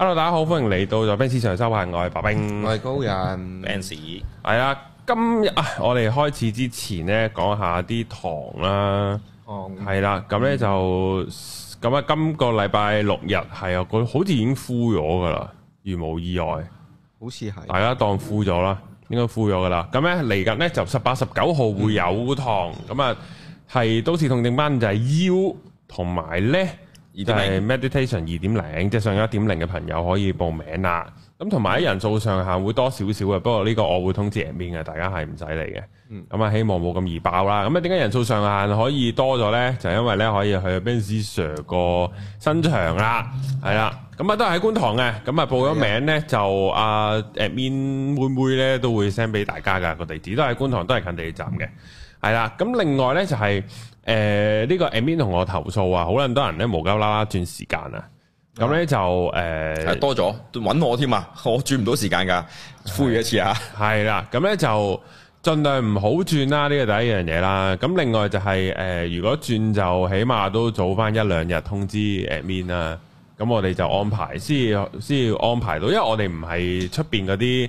Hello，大家好，歡迎嚟到在 Benz 上修行。我係白兵，我係高人，Benz 係啊，今日啊，我哋開始之前咧，講下啲堂啦，係啦、哦，咁咧、嗯、就咁啊，今個禮拜六日係啊，佢好似已經枯咗噶啦，如無意外，好似係，大家當枯咗啦，應該枯咗噶啦，咁咧嚟緊咧就十八十九號會有堂，咁啊係都市痛症班就係，腰同埋咧。而就係 meditation 二點零，即係上咗一點零嘅朋友可以報名啦。咁同埋喺人數上限會多少少嘅，不過呢個我會通知 admin 嘅，大家係唔使理嘅。咁啊、嗯，希望冇咁易爆啦。咁啊，點解人數上限可以多咗咧？就係因為咧可以去 Ben Sir 個新場啦，係啦。咁啊都係喺觀塘嘅。咁啊報咗名咧的就 admin 妹妹咧都會 send 俾大家㗎個地址，都喺觀塘，都係近地鐵站嘅。係啦。咁另外咧就係、是。誒，呢個 admin 同我投訴啊，好多人咧無交啦啦轉時間啊，咁咧就誒，多咗，揾我添啊，我轉唔到時間噶，呼籲一次啊，係啦的，咁咧就盡量唔好轉啦，呢個第一樣嘢啦，咁另外就係、呃，如果轉就起碼都早翻一兩日通知 admin 啊，咁我哋就安排先，先安排到，因為我哋唔係出邊嗰啲。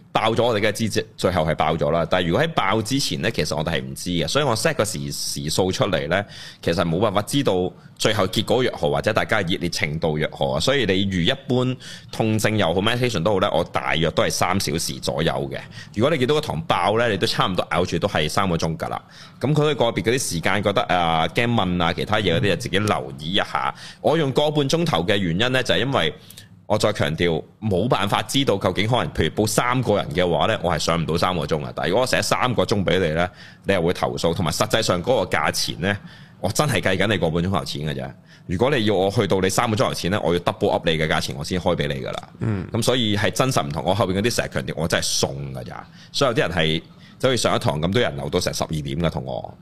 爆咗我哋梗知，最後係爆咗啦。但係如果喺爆之前呢，其實我哋係唔知嘅，所以我 set 個時時數出嚟呢，其實冇辦法知道最後結果如何，或者大家熱烈程度如何。所以你如一般痛症又好，meditation 都好呢，我大約都係三小時左右嘅。如果你見到個堂爆呢，你都差唔多咬住都係三個鐘㗎啦。咁、那、佢個別嗰啲時間覺得啊驚問啊其他嘢嗰啲，就自己留意一下。我用個半鐘頭嘅原因呢，就係因為。我再強調，冇辦法知道究竟可能，譬如報三個人嘅話呢，我係上唔到三個鐘啊！但係如果我寫三個鐘俾你呢，你又會投訴，同埋實際上嗰個價錢呢，我真係計緊你個半鐘頭錢嘅啫。如果你要我去到你三個鐘頭錢呢，我要 double up 你嘅價錢我，我先開俾你噶啦。嗯，咁所以係真實唔同。我後邊嗰啲成日強調，我真係送嘅咋。所以有啲人係就係上一堂咁多人留到成十二點嘅同我。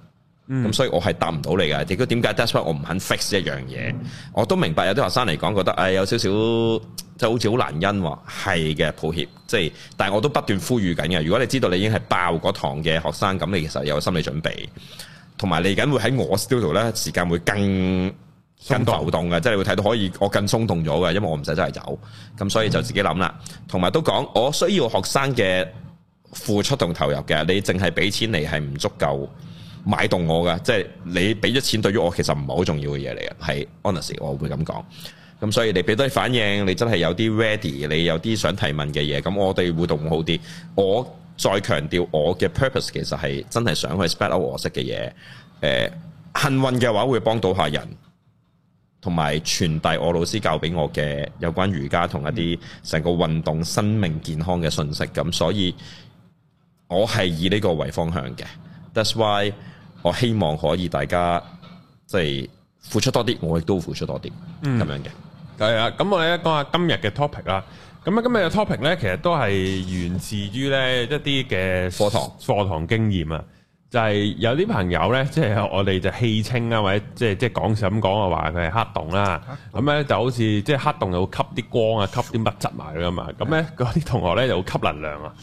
咁、嗯、所以我係答唔到你噶，亦果點解？That's why 我唔肯 fix 一樣嘢。嗯、我都明白有啲學生嚟講覺得，誒有少少即好似好難因，係、嗯、嘅抱歉。即係，但係我都不斷呼籲緊嘅。如果你知道你已經係爆嗰堂嘅學生，咁你其實有心理準備，同埋嚟緊會喺我 studio 咧時間會更動更流動嘅，即係會睇到可以我更鬆動咗嘅，因為我唔使真係走。咁所以就自己諗啦。同埋、嗯、都講，我需要學生嘅付出同投入嘅，你淨係俾錢你係唔足夠。買動我噶，即係你俾咗錢對於，對於我其實唔係好重要嘅嘢嚟嘅，係 honestly 我會咁講。咁所以你俾多反應，你真係有啲 ready，你有啲想提問嘅嘢，咁我哋互動會好啲。我再強調我嘅 purpose，其實係真係想去 speak out 我識嘅嘢。誒、呃，幸運嘅話會幫到下人，同埋傳遞我老師教俾我嘅有關瑜伽同一啲成個運動、生命、健康嘅信息。咁所以，我係以呢個為方向嘅。That's why。我希望可以大家即係付出多啲，我亦都付出多啲，咁樣嘅係、嗯、啊。咁我哋咧講下今日嘅 topic 啦。咁啊，今日嘅 topic 咧，其實都係源自於咧一啲嘅課堂課堂經驗啊。就係有啲朋友咧，即係我哋就戲稱啊，或者即係即係講是咁講啊，話佢係黑洞啦。咁咧就好似即係黑洞有吸啲光啊，吸啲物質埋噶嘛。咁咧嗰啲同學咧又吸能量啊。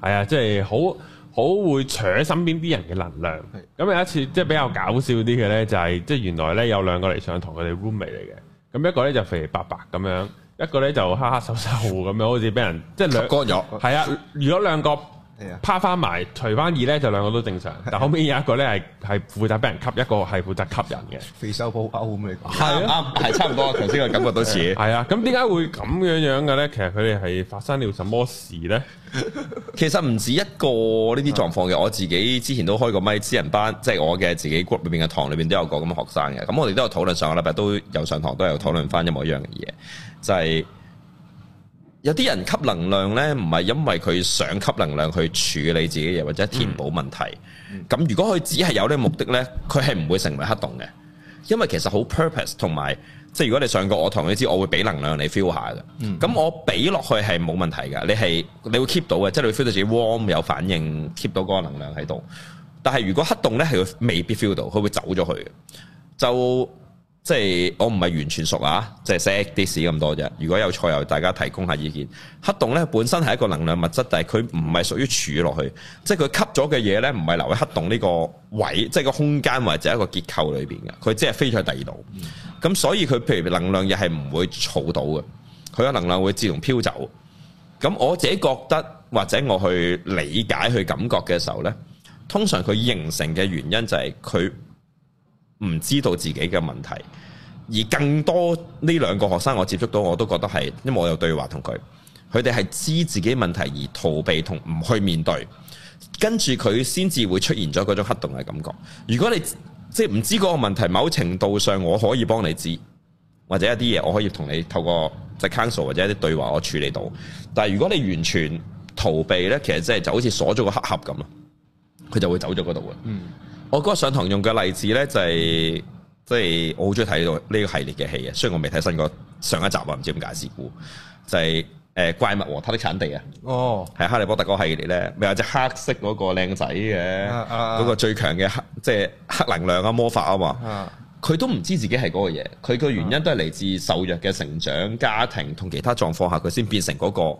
係啊，即係好。好會扯身邊啲人嘅能量，咁是有一次即係比較搞笑啲嘅呢，就係即係原來呢有兩個嚟上堂，佢哋 roommate 嚟嘅，咁一個呢就肥白白咁樣，一個呢就黑黑瘦瘦咁樣，好似俾人即係略咗。係啊，如果兩個。 趴翻埋，除翻二咧就兩個都正常，但後尾有一個咧係係負責俾人吸，一個係負責吸人嘅，肥瘦對不勾咁嚟講，係咯，係差唔多，頭先個感覺都似。係啊，咁點解會咁樣樣嘅咧？其實佢哋係發生了什麼事咧？ 其實唔止一個呢啲狀況嘅， 我自己之前都開過咪私人班， 即係我嘅自己 group 裏邊嘅堂裏邊都有個咁嘅學生嘅，咁我哋都有討論，上個禮拜都有上堂都有討論翻一模一樣嘅嘢，就係、是。有啲人吸能量呢，唔係因為佢想吸能量去處理自己嘢，或者填補問題。咁、嗯、如果佢只係有呢個目的呢，佢係唔會成為黑洞嘅。因為其實好 purpose 同埋，即係如果你上過我堂，你知我會俾能量你 feel 下嘅。咁、嗯、我俾落去係冇問題嘅，你係你會 keep 到嘅，即、就、係、是、你會 feel 到自己 warm 有反應，keep 到嗰個能量喺度。但係如果黑洞呢，係會未必 feel 到，佢會走咗去嘅。就即係我唔係完全熟啊，即係識啲屎咁多啫。如果有錯，又大家提供下意見。黑洞咧本身係一個能量物質，但係佢唔係屬於儲落去，即係佢吸咗嘅嘢咧，唔係留喺黑洞呢個位，即係個空間或者一個結構裏邊嘅，佢即係飛咗去第二度。咁所以佢譬如能量又係唔會儲到嘅，佢嘅能量會自動飄走。咁我自己覺得或者我去理解去感覺嘅時候咧，通常佢形成嘅原因就係佢唔知道自己嘅問題，而更多呢兩個學生，我接觸到我都覺得係，因為我有對話同佢，佢哋係知自己問題而逃避同唔去面對，跟住佢先至會出現咗嗰種黑洞嘅感覺。如果你即係唔知嗰個問題，某程度上我可以幫你知，或者一啲嘢我可以同你透過即係 counsel 或者一啲對話我處理到。但係如果你完全逃避呢，其實即係就好似鎖咗個黑盒咁咯，佢就會走咗嗰度嘅。嗯。我嗰個上堂用嘅例子咧、就是，就係即係我好中意睇呢個系列嘅戲啊！雖然我未睇新個上一集啊，唔知點解事故就係、是、誒、呃、怪物和他的產地啊！哦，係哈利波特嗰個系列咧，咪有隻黑色嗰個靚仔嘅，嗰、啊啊啊、個最強嘅黑即係、就是、黑能量啊魔法啊嘛，佢、啊、都唔知自己係嗰個嘢，佢個原因都係嚟自受弱嘅成長、家庭同其他狀況下，佢先變成嗰、那個。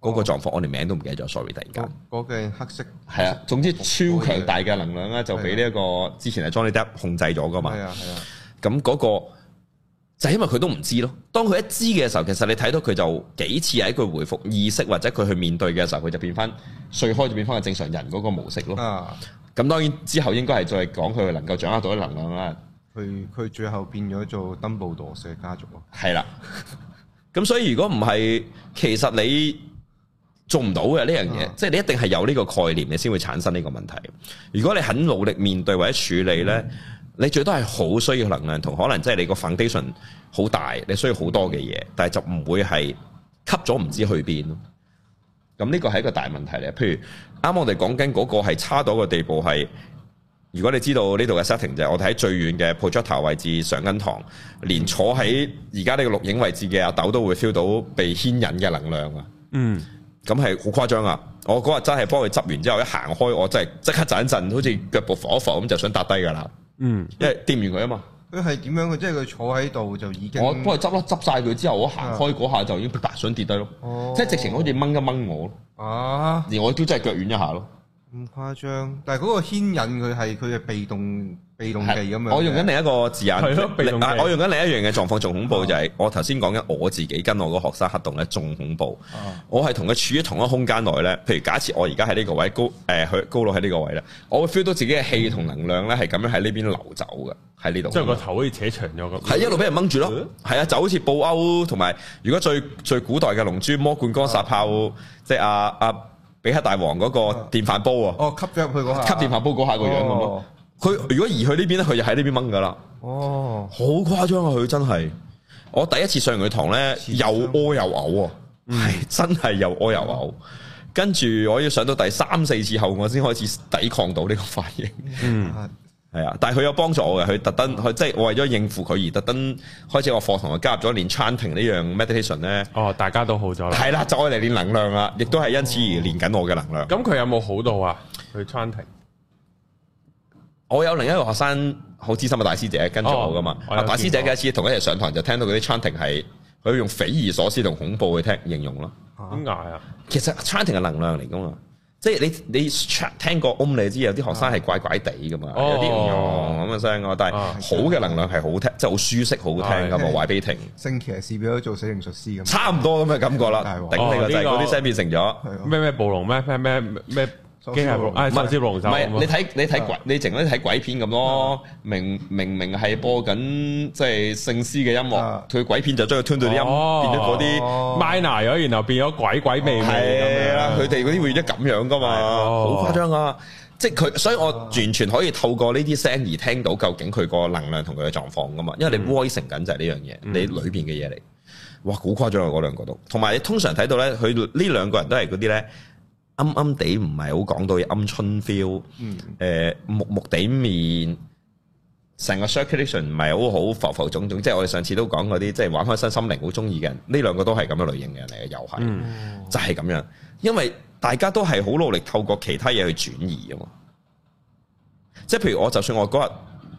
嗰個狀況，我連名都唔記得咗，sorry。突然間，嗰、那、件、個、黑色係啊，總之超強大嘅能量咧，就俾呢一個之前係 Johnny Depp 控制咗噶嘛。係啊，啊。咁嗰、那個就是、因為佢都唔知咯。當佢一知嘅時候，其實你睇到佢就幾次喺佢回復意識，或者佢去面對嘅時候，佢就變翻碎開，就變翻係正常人嗰個模式咯。啊，咁當然之後應該係再講佢能夠掌握到啲能量啦。佢佢最後變咗做登布陀社家族咯。係啦是、啊，咁 所以如果唔係，其實你。做唔到嘅呢樣嘢，即係你一定係有呢個概念，你先會產生呢個問題。如果你肯努力面對或者處理呢，你最多係好需要能量同，可能即係你個 foundation 好大，你需要好多嘅嘢，但係就唔會係吸咗唔知去邊。咁呢個係一個大問題嚟。譬如啱啱我哋講緊嗰個係差到嘅地步係，如果你知道呢度嘅 setting 就係我哋喺最遠嘅 projector 位置上緊堂，連坐喺而家呢個錄影位置嘅阿豆都會 feel 到被牽引嘅能量啊！嗯。咁係好誇張啊！我嗰日真係幫佢執完之後，一行開我真係即刻震一陣，好似腳步浮一浮咁，就想搭低噶啦。嗯，因為掂完佢啊嘛。佢係點樣？佢即係佢坐喺度就已經。我幫佢執咯，執晒佢之後，我行開嗰下就已經突然想跌低咯。哦，即係直情好似掹一掹我咯。啊！而我都真係腳軟一下咯。咁誇張？但係嗰個牽引佢係佢嘅被動。被動技咁樣，我用緊另一個字眼，係我用緊另一樣嘅狀況，仲恐怖就係，我頭先講緊我自己跟我個學生黑洞咧，仲恐怖。我係同佢處於同一空間內咧。譬如假設我而家喺呢個位高，誒高佬喺呢個位咧，我會 feel 到自己嘅氣同能量咧係咁樣喺呢邊流走嘅，喺呢度。即係個頭可以扯長咗咁。係一路俾人掹住咯，係啊，就好似布歐同埋，如果最最古代嘅龍珠魔貫光殺砲，即係阿阿比克大王嗰個電飯煲啊。哦，吸咗入去嗰下。吸電飯煲嗰下個樣咁咯。佢如果移去呢邊咧，佢就喺呢邊掹噶啦。哦，好誇張啊！佢真係，我第一次上佢堂咧，又屙又嘔，係真係又屙又嘔。跟住我要上到第三四次後，我先開始抵抗到呢個反應。嗯，係啊。但係佢有幫助我嘅，佢特登，佢即係我為咗應付佢而特登開始我課堂，加入咗練 chanting 呢樣 meditation 呢。哦，大家都好咗啦。係啦，走去練能量啦，亦都係因此而練緊我嘅能量。咁佢有冇好到啊？去 chanting。我有另一個學生好資深嘅大師姐跟住我噶嘛，oh, 我，大師姐嘅次同一日上堂就聽到嗰啲 chanting 係佢用匪夷所思同恐怖去聽形容咯，咁捱啊！其實 chanting 嘅能量嚟噶嘛，即、就、係、是、你你聽過 om 你知有啲學生係怪怪地噶嘛，有啲咁嘅聲咯，但係好嘅能量係、就是、好聽，即係好舒適好聽噶嘛 white 星期日試表都做死靈術師咁。差唔多咁嘅感覺啦，頂你個仔。嗰啲，哦這個、聲變成咗咩咩暴龍咩咩咩咩驚嚇唔係，唔係你睇你睇鬼，你淨係睇鬼片咁咯。明明明係播緊即係聖詩嘅音樂，佢鬼片就將佢 tune 到啲音，變咗嗰啲 minor，然後變咗鬼鬼魅魅咁樣。係啊，佢哋嗰啲會變咗咁樣噶嘛，好誇張啊！即係佢，所以我完全可以透過呢啲聲而聽到究竟佢個能量同佢嘅狀況噶嘛。因為你 voicing 緊就係呢樣嘢，你裏邊嘅嘢嚟。哇，好誇張啊！嗰兩個都，同埋你通常睇到咧，佢呢兩個人都係嗰啲咧。啱啱地唔係好講到啱春 feel，誒、嗯呃、木木地面，成個 circulation 唔係好好，浮浮腫腫，即係我哋上次都講嗰啲，即係玩開身心靈好中意嘅人，呢兩個都係咁樣類型嘅人嚟嘅，又係、嗯、就係咁樣，因為大家都係好努力透過其他嘢去轉移啊嘛。即係譬如我就算我嗰日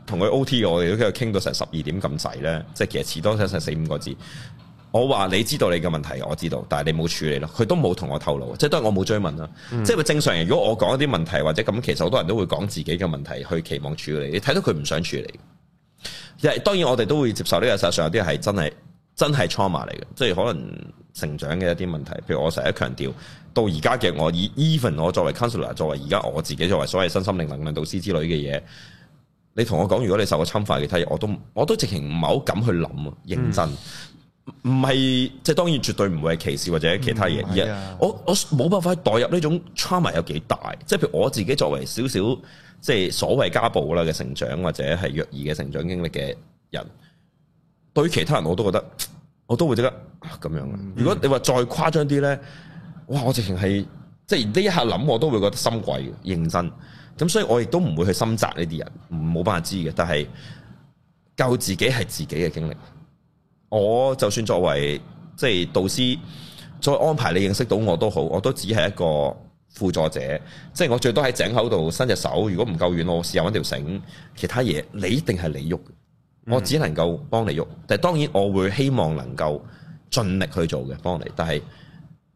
同佢 OT，我哋都傾到成十二點咁滯咧，即係其實遲多咗成四五個字。我話你知道你嘅問題，我知道，但係你冇處理咯。佢都冇同我透露，即係當然我冇追問啦。嗯、即係正常人，如果我講一啲問題或者咁，其實好多人都會講自己嘅問題去期望處理。你睇到佢唔想處理，又當然我哋都會接受、這個。呢個實際上有啲係真係真係 trauma 嚟嘅，即係可能成長嘅一啲問題。譬如我成日強調，到而家嘅我以，even 我作為 counsellor，作為而家我自己作為所謂身心靈能量導師之類嘅嘢，你同我講如果你受過侵犯嘅體，我都我都直情唔係好敢去諗啊，認真。嗯唔係，即係當然絕對唔會係歧視或者其他嘢嘢，啊。我我冇辦法代入呢種 trauma 有幾大，即係譬如我自己作為少少，即係所謂家暴啦嘅成長或者係弱兒嘅成長經歷嘅人，對於其他人我都覺得，我都會覺得咁樣。如果你話再誇張啲呢，哇！我直情係即係呢一刻諗，我都會覺得心悸嘅，認真。咁所以我亦都唔會去心窄呢啲人，冇辦法知嘅。但係救自己係自己嘅經歷。我就算作為即係導師，再安排你認識到我都好，我都只係一個輔助者，即係我最多喺井口度伸隻手。如果唔夠遠，我試下揾條繩。其他嘢你一定係你喐，我只能夠幫你喐。但係當然，我會希望能夠盡力去做嘅幫你。但係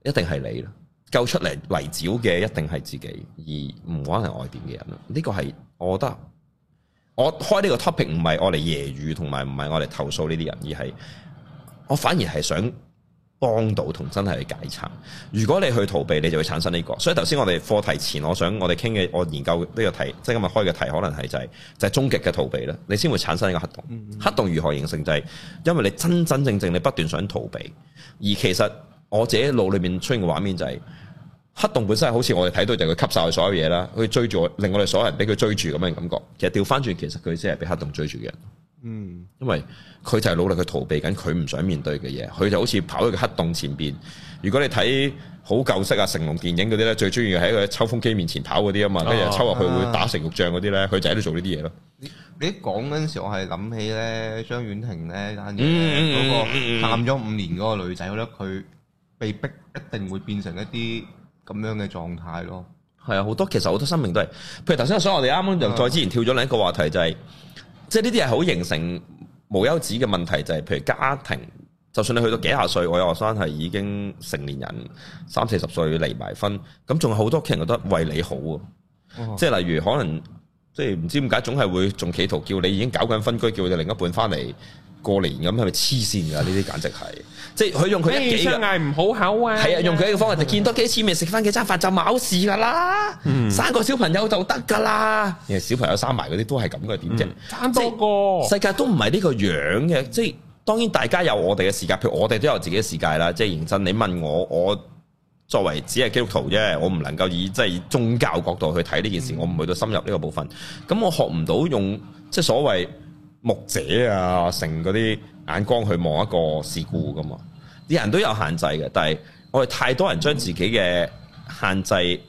一定係你啦，救出嚟泥沼嘅一定係自己，而唔關係外邊嘅人。呢個係我覺得。我開呢個 topic 唔係我嚟揶揄，同埋唔係我嚟投訴呢啲人，而係我反而係想幫到同真係去解層。如果你去逃避，你就會產生呢個。所以頭先我哋課題前，我想我哋傾嘅，我研究呢個題，即係今日開嘅題，可能係就係就係終極嘅逃避啦。你先會產生呢個黑洞。黑洞如何形成？就係因為你真真正正你不斷想逃避，而其實我自己腦裏面出現嘅畫面就係。黑洞本身係好似我哋睇到就係佢吸曬所有嘢啦，佢追住我，令我哋所有人俾佢追住咁嘅感覺。其實掉翻轉，其實佢先係被黑洞追住嘅人。嗯，因為佢就係努力去逃避緊佢唔想面對嘅嘢，佢就好似跑去個黑洞前邊。如果你睇好舊式啊成龍電影嗰啲咧，最中意係喺個抽風機面前跑嗰啲啊嘛，跟住抽落去會打成肉醬嗰啲咧，佢就喺度做呢啲嘢咯。你你講嗰時，我係諗起咧張婉婷咧嗰個喊咗五年嗰個女仔，我覺得佢被逼一定會變成一啲。咁樣嘅狀態咯，係啊，好多其實好多生命都係，譬如頭先我想我哋啱啱就再之前跳咗另一個話題就係、是，啊、即係呢啲係好形成無休止嘅問題就係、是，譬如家庭，就算你去到幾十歲，我有學生係已經成年人，三四十歲離埋婚，咁仲有好多屋企人都覺得為你好、啊、即係例如可能即係唔知點解總係會仲企圖叫你已經搞緊分居，叫你另一半翻嚟。過年咁係咪黐線噶？呢啲簡直係，即係佢用佢一幾爭嗌唔好口啊！係啊，用佢一個方法就見多幾次，未食翻幾餐飯就冇事噶啦，生個小朋友就得噶啦。小朋友生埋嗰啲都係咁嘅，點啫？差多個世界都唔係呢個樣嘅，即係當然大家有我哋嘅世界，譬如我哋都有自己嘅世界啦。即係認真，你問我，我作為只係基督徒啫，我唔能夠以即係宗教角度去睇呢件事，我唔去到深入呢個部分，咁我學唔到用即係所謂。目者啊，成嗰啲眼光去望一個事故噶嘛？啲人都有限制嘅，但係我哋太多人將自己嘅限制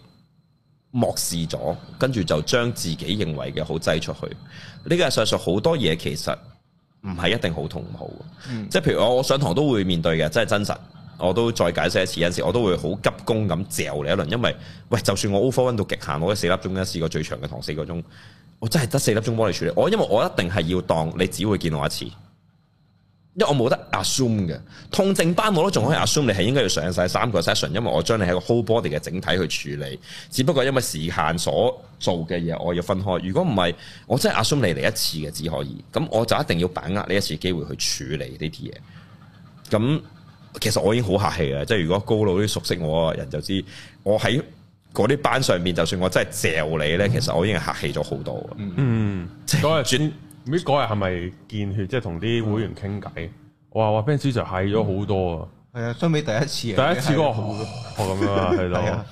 漠視咗，跟住就將自己認為嘅好擠出去。呢個係上述好多嘢其實唔係一定好同唔好。嗯，即係譬如我我上堂都會面對嘅，真係真實。我都再解釋一次，有時我都會好急功咁嚼你一輪，因為喂，就算我 over 温到極限，我喺四粒鐘咧試過最長嘅堂四個鐘。我真係得四粒鐘 b 你 d 處理，我因為我一定係要當你只會見我一次，因為我冇得 assume 嘅。痛症班，我都仲可以 assume 你係應該要上晒三個 session，因為我將你喺個 whole body 嘅整體去處理，只不過因為時限所做嘅嘢，我要分開。如果唔係，我真係 assume 你嚟一次嘅只可以，咁我就一定要把握呢一次機會去處理呢啲嘢。咁其實我已經好客氣啦，即係如果高佬啲熟悉我人就知我，我喺。嗰啲班上面就算我真係嚼你咧，其實我已經係客氣咗好多。嗯，即係嗰日轉，唔絕知嗰日係咪見血，即係同啲會員傾偈、嗯。哇，哇，Ben Sir 係咗好多啊！係啊，相比第一次，第一次嗰、嗰個咁樣係啦。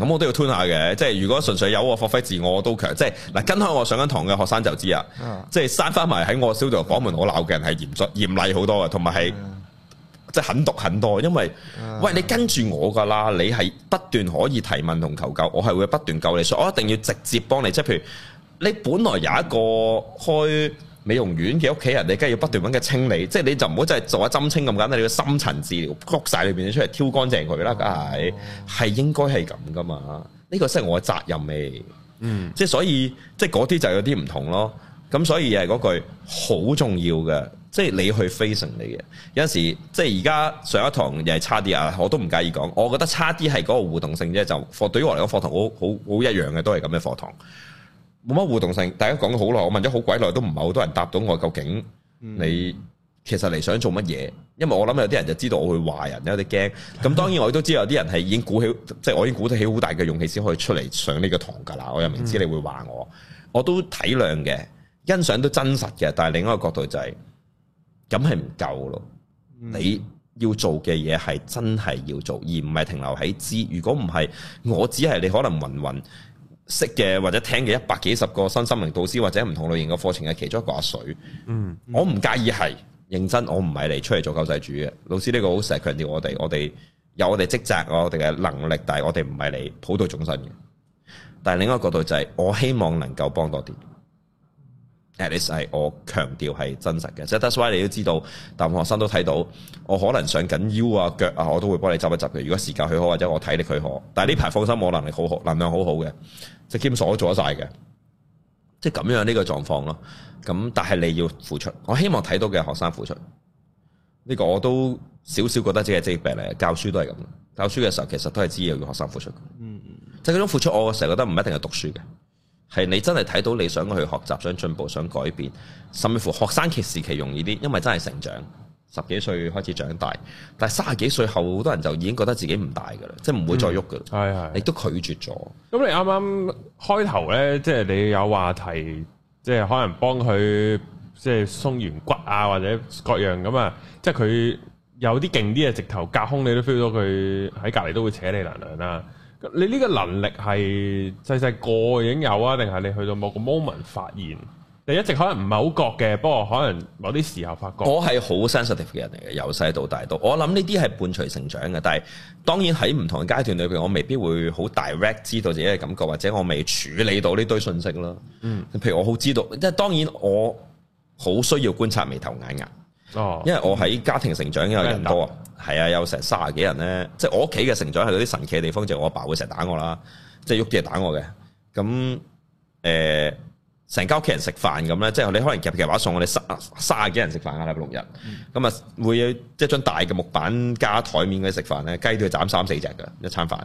咁 我都要吞下嘅，即係如果純粹有我發揮自我，我都強。即係嗱，跟開我上緊堂嘅學生就知啊！嗯、即係閂翻埋喺我 studio 房門我鬧嘅人係嚴肅嚴厲好多嘅，同埋喺……嗯嗯即係狠毒很多，因為、啊、喂你跟住我噶啦，你係不斷可以提問同求救，我係會不斷救你，所以我一定要直接幫你。即係譬如你本來有一個開美容院嘅屋企人，你梗係要不斷揾佢清理，即係你就唔好就係做一針清咁簡單，你要深層治療，焗曬裏邊啲出嚟，挑乾淨佢啦，梗係係應該係咁噶嘛。呢、這個即係我嘅責任未？嗯即，即係所以即係嗰啲就有啲唔同咯。咁所以又係嗰句好重要嘅。即係你去 facial 你嘅，有陣時即係而家上一堂又係差啲啊！我都唔介意講，我覺得差啲係嗰個互動性啫。就對於我嚟講，課堂好好，好，好一樣嘅，都係咁嘅課堂，冇乜互動性。大家講咗好耐，我問咗好鬼耐，都唔係好多人答到我究竟你其實你想做乜嘢？因為我諗有啲人就知道我會話人，有啲驚。咁當然我都知有啲人係已經鼓起，即係我已經鼓得起好大嘅勇氣先可以出嚟上呢個堂㗎喇。我又明知你會話我，我都體諒嘅，欣賞都真實嘅。但係另一個角度就係。咁係唔夠咯！你要做嘅嘢係真係要做，而唔係停留喺知。如果唔係，我只係你可能芸芸識嘅或者聽嘅一百幾十個新心靈導師或者唔同類型嘅課程嘅其中一個阿水。嗯，嗯我唔介意係認真，我唔係嚟出嚟做救世主嘅老師。呢個好成日強調我哋，我哋有我哋職責，我哋嘅能力，但係我哋唔係嚟普度眾生嘅。但係另一個角度就係、是，我希望能夠幫多啲。At least, 我強調係真實嘅，即係 that's why 你都知道，但學生都睇到，我可能上緊腰啊腳啊，我都會幫你執一執嘅。如果時間佢好或者我體力佢好，但係呢排放心我能力好好，能量好好嘅，即係基本上都做咗曬嘅，即係咁樣呢個狀況咯。咁但係你要付出，我希望睇到嘅學生付出，呢個我都少少覺得自己係職業病嚟，教書都係咁，教書嘅時候其實都係知要學生付出。嗯嗯，即係嗰種付出，我成日覺得唔一定係讀書嘅。係你真係睇到你想去學習，想進步，想改變，甚至乎學生期時期容易啲，因為真係成長，十幾歲開始長大，但係三十幾歲後，好多人就已經覺得自己唔大噶啦，嗯、即係唔會再喐噶啦。係係是，亦都拒絕咗。咁你啱啱開頭呢，即係你有話題，即係可能幫佢即係鬆完骨啊，或者各樣咁啊，即係佢有啲勁啲嘅直頭隔空你都 feel 到佢喺隔籬都會扯你能量啦。你呢個能力係細細個已經有啊，定係你去到某個 moment 發現？你一直可能唔係好覺嘅，不過可能某啲時候發覺。我係好 sensitive 嘅人嚟嘅，由細到大都。我諗呢啲係伴隨成長嘅，但係當然喺唔同嘅階段裏邊，我未必會好 direct 知道自己嘅感覺，或者我未處理到呢堆信息囉。嗯，譬如我好知道，即係當然我好需要觀察眉頭眼額。哦，因為我喺家庭成長又人多啊，係、嗯、啊，有成卅幾人咧，嗯、即係我屋企嘅成長係嗰啲神奇嘅地方，就係我阿爸會成日打我啦，即喐啲住打我嘅。咁、嗯、誒，成、呃、家屋企人食飯咁咧，即係你可能夾夾把餸我哋三卅幾人食飯啊，禮拜六日。咁啊、嗯，嗯、會即係張大嘅木板加台面嗰啲食飯咧，雞都要斬三四隻嘅一餐飯。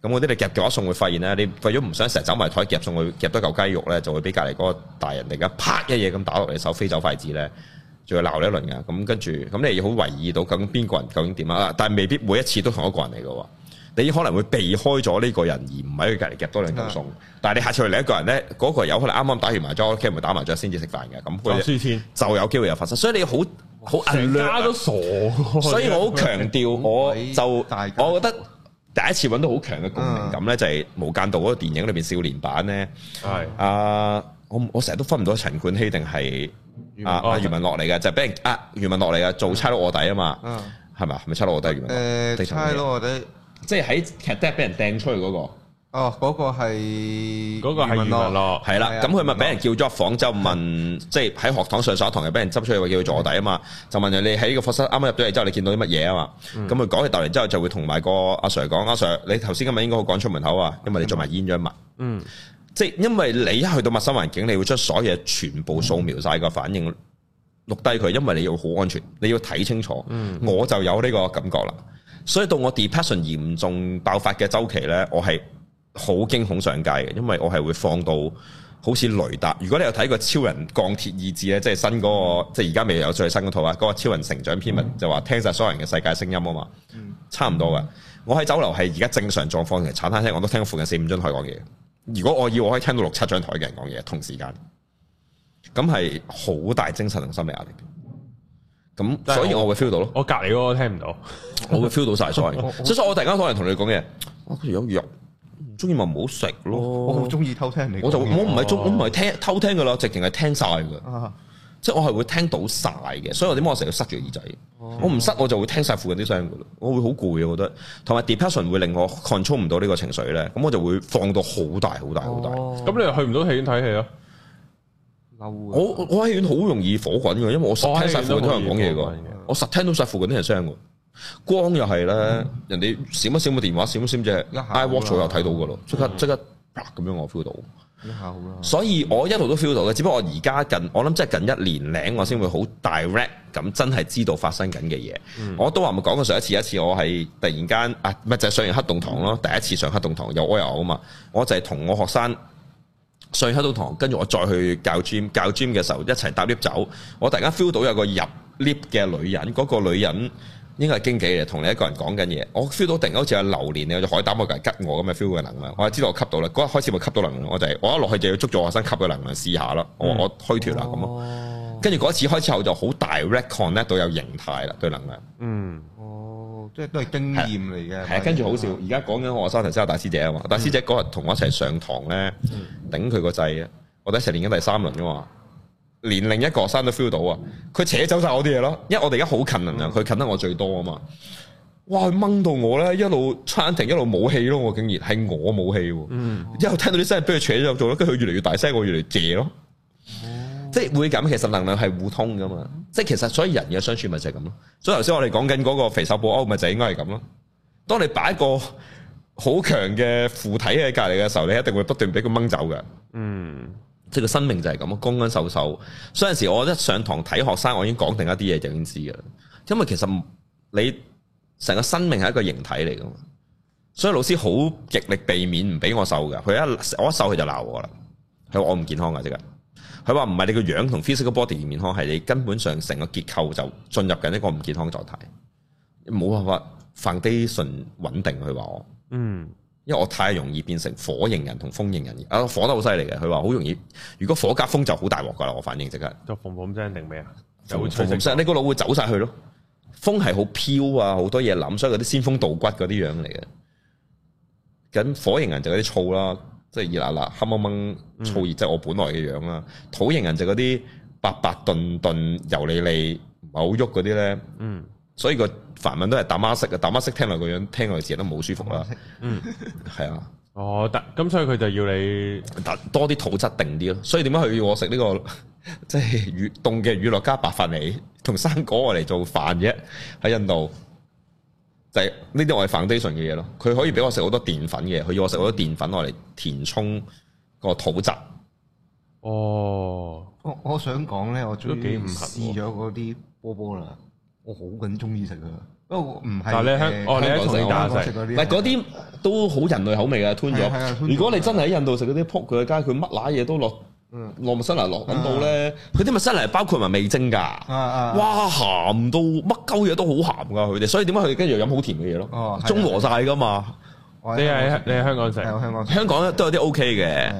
咁我啲你夾夾把餸會發現咧，你為咗唔想成日走埋台夾餸佢夾多嚿雞肉咧，就會俾隔離嗰個大人嚟啊，啪一嘢咁打落你手，飛走筷子咧。仲要鬧你一輪㗎，咁跟住，咁你又好懷疑到，究竟邊個人究竟點啊？但係未必每一次都同一個人嚟嘅喎，你可能會避開咗呢個人，而唔喺佢隔離夾多兩條餸。的但係你下次嚟另一個人咧，嗰、那個人有可能啱啱打完麻將，佢、那、唔、個、打麻將先至食飯嘅。咁，就有機會有發生。所以你好好銀都傻。啊、所以我好強調，我就我覺得第一次揾到好強嘅共鳴感咧、就是，就係無間道嗰、那個電影裏邊少年版咧。係的啊。我我成日都分唔到陳冠希定係阿阿余文樂嚟嘅，就係俾人啊余文樂嚟嘅做差佬臥底啊嘛，係咪啊？係咪差佬臥底？余文，誒，差佬臥底，即係喺劇集俾人掟出去嗰個。哦，嗰個係嗰個係余文樂，係啦。咁佢咪俾人叫咗房就問，即係喺學堂上上一堂又俾人執出去叫佢坐底啊嘛。就問人你喺呢個課室啱啱入咗嚟之後，你見到啲乜嘢啊嘛？咁佢講起嚟之後，就會同埋個阿 Sir 講，阿 Sir 你頭先今日應該好趕出門口啊，因為你做埋煙咗一物。嗯。即係因為你一去到陌生環境，你會將所有嘢全部掃描晒個反應錄低佢，因為你要好安全，你要睇清楚。我就有呢個感覺啦，所以到我 depression 嚴重爆發嘅週期呢，我係好驚恐上街嘅，因為我係會放到好似雷達。如果你有睇過超人鋼鐵意志咧，即係新嗰、那個，即係而家未有最新嗰套啊，嗰、那個超人成長篇文就話聽晒所有人嘅世界聲音啊嘛，嗯、差唔多噶。我喺酒樓係而家正常狀況嘅，踩灘車我都聽過附近四五張台講嘢。如果我要，我可以聽到六七張台嘅人講嘢，同時間，咁係好大精神同心理壓力。咁，所以我會 feel 到咯。我隔籬嗰個，聽唔到，我會 feel 到晒。所以，所以我突然間可能同你講嘢，我樣樣唔中意咪唔好食咯。我好中意偷聽你我。我就、哦、我唔係中，我唔係聽偷聽噶啦，直情係聽晒噶。 即係我係會聽到晒嘅，所以我點解我成日塞住耳仔。哦、我唔塞我就會聽晒附近啲聲噶，我會好攰，我覺得。同埋 depression 會令我 control 唔到呢個情緒咧，咁我就會放到好大好大好大。咁你又去唔到戲院睇戲咯？我我喺戲院好容易火滾嘅，因為我實聽晒附近啲人講嘢噶，哦、我實聽到晒附近啲人聲噶。光又係咧，人哋閃一閃部電話閃一閃，閃一閃隻 eye watch 又睇、嗯、到噶咯，即刻即刻啪咁、嗯、樣我 feel 到。所以我一路都 feel 到嘅，只不過我而家近，我諗即係近一年零，我先會好 direct 咁，真係知道發生緊嘅嘢。嗯、我都話冇講嘅上一次一次，我係突然間啊，就係、是、上完黑洞堂咯，第一次上黑洞堂有 oil 啊嘛，我就係同我學生上完黑洞堂，跟住我再去教 gym 教 gym 嘅時候，一齊搭 lift 走，我突然間 feel 到有個入 lift 嘅女人，嗰、那個女人。應該係經紀嚟，同你一個人講緊嘢。我 feel 到突然好似有榴蓮，有隻海膽，我梗係吉我咁嘅 feel 嘅能量。我就知道我吸到啦，嗰日開始咪吸到能量，我就係、我一落去就要捉住我身吸嘅能量試下咯。我我虛脱啦咁咯。跟住嗰一次開始後就好大 direct connect 到有形態啦，對能量。嗯，哦，即係都係經驗嚟嘅。係是跟住好笑，而家講緊我學生頭先有大師姐啊嘛。大、嗯、師姐嗰日同我一齊上堂咧，頂佢個掣啊。我哋一齊練緊第三輪啊嘛。連另一個生都 feel 到啊！佢扯走晒我啲嘢咯，因為我哋而家好近能量，佢近得我最多啊嘛！哇，佢掹到我咧，一路餐廳一路冇氣咯，我竟然係我冇氣，嗯，一後聽到啲聲俾佢扯咗做咯，跟住佢越嚟越大聲，我越嚟越借咯，嗯、即係會咁，其實能量係互通噶嘛，即係其實所以人嘅相處咪就係咁咯。所以頭先我哋講緊嗰個肥瘦布歐咪就應該係咁咯。當你擺一個好強嘅附體喺隔籬嘅時候，你一定會不斷俾佢掹走嘅，嗯。即係個生命就係咁，乾乾瘦瘦。所以有時我一上堂睇學生，我已經講定一啲嘢就已經知噶啦。因為其實你成個生命係一個形體嚟噶嘛，所以老師好極力避免唔俾我瘦噶。佢一我一瘦佢就鬧我啦。佢話我唔健康噶。即係，佢話唔係你個樣同 physical body 唔健康，係你根本上成個結構就進入緊一個唔健康嘅狀態，冇辦法 foundation 穩定。佢話我嗯。因為我太容易變成火形人同風形人，啊火得好犀利嘅，佢話好容易。如果火加風就好大鑊噶啦，我反應即刻。就風火聲定咩？啊？就風你個腦會走晒去咯。風係好飄啊，好多嘢諗，所以嗰啲仙風道骨嗰啲樣嚟嘅。咁火形人就有啲燥啦，即係熱辣辣、黑濛濛、燥熱，即係我本來嘅樣啦。嗯、土形人就嗰啲白白鈍鈍、油膩膩唔係好喐嗰啲咧。嗯。所以個梵文都係打孖式嘅，打孖式聽落個樣聽落去自己都唔好舒服啦。嗯，係啊。哦，得。咁所以佢就要你打多啲土質定啲咯。所以點解佢要我食呢、這個即係魚凍嘅乳酪加白飯嚟，同生果嚟做飯啫。喺印度就係呢啲我係 foundation 嘅嘢咯。佢可以俾我食好多澱粉嘅，佢要我食好多澱粉我嚟填充個土質。哦，我我想講咧，我最中意試咗嗰啲波波啦。我好緊鍾意食佢，不過唔係。但係你香香港食但係唔係嗰啲都好人類口味嘅，吞咗。如果你真係喺印度食嗰啲鋪，佢嘅街佢乜乸嘢都落，落麥新嚟落緊到咧。佢啲咪新嚟包括埋味精㗎，哇鹹到乜鳩嘢都好鹹㗎，佢哋。所以點解佢哋跟住飲好甜嘅嘢咯？中和晒㗎嘛。你係香港食，是香港香港咧都有啲 O K 嘅，是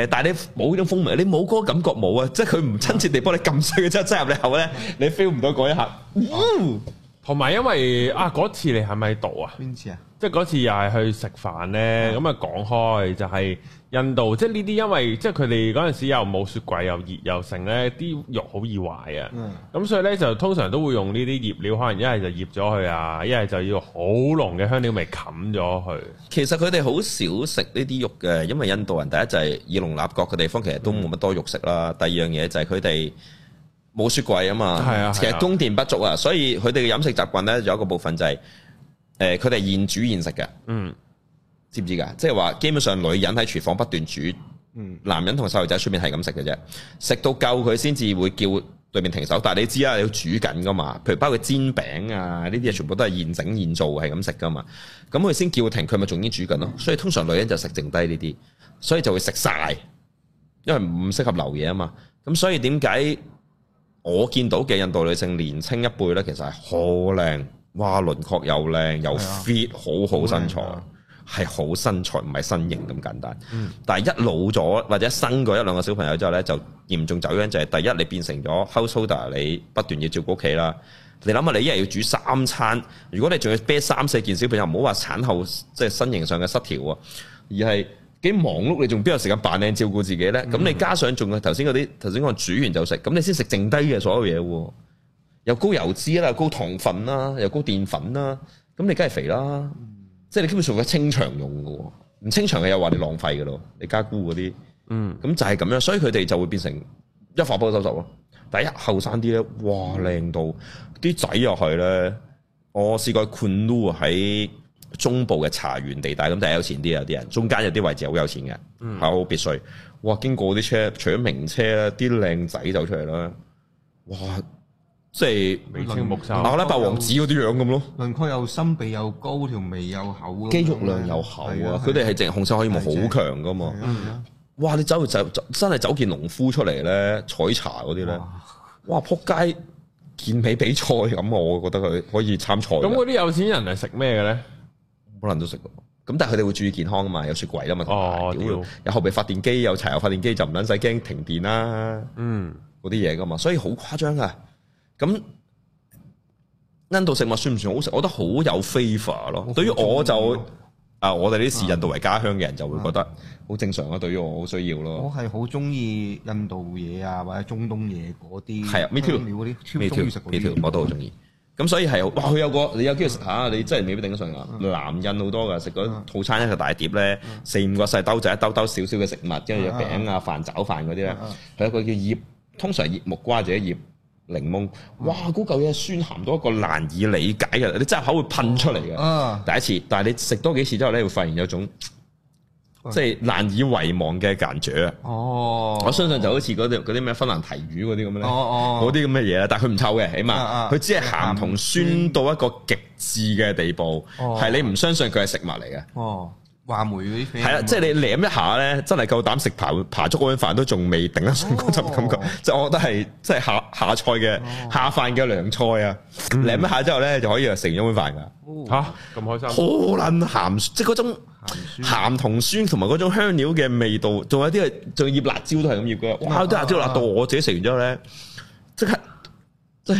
的但係你冇嗰種風味，你冇嗰個感覺冇啊！即係佢唔親切地幫你撳碎，即係擠入你口咧，你 feel 唔到嗰一刻。啊嗯同埋因為啊嗰次你係咪喺度啊？邊次啊？即係嗰次又係去食飯呢。咁啊講開就係印度，即係呢啲因為即係佢哋嗰陣時又冇雪櫃，又熱又剩呢啲肉好易壞啊。咁、嗯、所以呢，就通常都會用呢啲醃料，可能一係就醃咗佢啊，一係就要好濃嘅香料味冚咗佢。其實佢哋好少食呢啲肉嘅，因為印度人第一就係以農立國嘅地方，其實都冇乜多肉食啦。嗯、第二樣嘢就係佢哋。冇雪櫃啊嘛，係啊，其實供電不足啊，所以佢哋嘅飲食習慣咧有一個部分就係、是，誒佢哋現煮現食嘅，嗯、知唔知噶？即係話基本上女人喺廚房不斷煮，男人同細路仔出面係咁食嘅啫，食到夠佢先至會叫對面停手。但係你知啊，要煮緊噶嘛？譬如包括煎餅啊，呢啲嘢全部都係現整現做，現做，係咁食噶嘛。咁佢先叫停，佢咪仲已經煮緊咯。所以通常女人就食剩低呢啲，所以就會食晒，因為唔適合留嘢啊嘛。咁所以點解？我見到嘅印度女性年青一輩呢，其實係好靚，哇輪廓又靚，又 fit，好好身材，係好、啊、身材，唔係身形咁簡單。嗯、但係一老咗或者生過一兩個小朋友之後呢，就嚴重走樣，就係、是、第一你變成咗 householder，你不斷要照顧屋企啦。你諗下，你一日要煮三餐，如果你仲要啤三四件小朋友，唔好話產後即係、就是、身形上嘅失調啊，而係。幾忙碌，你仲邊有時間扮靚照顧自己咧？咁你加上仲頭先嗰啲，頭先我煮完就食，咁你先食剩低嘅所有嘢，又高油脂啦，又高糖分啦，又高澱粉啦，咁你梗係肥啦。嗯，即係你基本上為清腸用嘅，唔清腸嘅又話你浪費噶咯，你加菇嗰啲，嗯，咁就係咁樣，所以佢哋就會變成一發不可收拾咯。第一後生啲咧，哇靚到啲仔又係咧，我試過困撈喺。中部嘅茶園地帶咁就係有錢啲有啲人，中間有啲位置好有錢嘅，有、嗯、別墅。哇！經過啲車，除咗名車，啲靚仔走出嚟啦。哇！即、就、係、是，眉清目秀啦，白王子嗰啲樣咁咯。輪廓又深，鼻又高，條眉又厚樣樣，肌肉量又厚啊！佢哋係淨係控色可以望好強㗎嘛？啊嗯、哇！你走去就真係走見農夫出嚟咧，採茶嗰啲咧。哇！仆街健美比賽咁，我覺得佢可以參賽。咁嗰啲有錢人係食咩嘅咧？可能都食過，咁但係佢哋會注意健康啊嘛，有雪櫃啊嘛，有，啊有後備發電機，有柴油發電機就唔撚使驚停電啦、啊，嗯，嗰啲嘢噶嘛，所以好誇張噶，咁印度食物算唔算好食？我覺得好有 favour 咯。這個，對於我就啊，我哋呢啲視印度為家鄉嘅人就會覺得好正常咯、啊。啊啊、對於我，好需要咯。我係好中意印度嘢啊，或者中東嘢嗰啲，係啊呀，麵條嗰啲超中意食我都好中意。咁、嗯、所以係，哇！佢有個你有機會食下、啊，你真係未必頂得順啊。男人好多噶，食嗰套餐一個大碟咧，四五個細兜就一兜兜少少嘅食物，即係有餅啊、飯、炒飯嗰啲咧。佢有個叫醃，通常醃木瓜或者醃檸檬，哇！嗰嚿嘢酸鹹到一個難以理解嘅，你真係口會噴出嚟嘅。第一次，但係你食多幾次之後咧，會發現有種。即係難以遺忘嘅 gentle 我相信就好似嗰啲啲咩芬蘭提魚嗰啲咁咧，嗰啲咁嘅嘢啦，但係佢唔臭嘅，起碼佢、啊、只係鹹同酸到一個極致嘅地步，係、嗯、你唔相信佢係食物嚟嘅。哦。話梅係啊，的即係你舐一下咧，真係夠膽食排爬足碗飯都仲未頂得順嗰種感覺，就、oh. 我覺得係即係下下菜嘅、oh. 下飯嘅涼菜啊，舐、mm. 一下之後咧就可以食咗碗飯噶吓咁開心，好捻咸，即係嗰種咸,酸咸同酸同埋嗰種香料嘅味道，仲有啲係仲醃辣椒都係咁醃嘅，嗰啲、oh. 辣椒辣到我自己食完之後咧，即刻。即係。.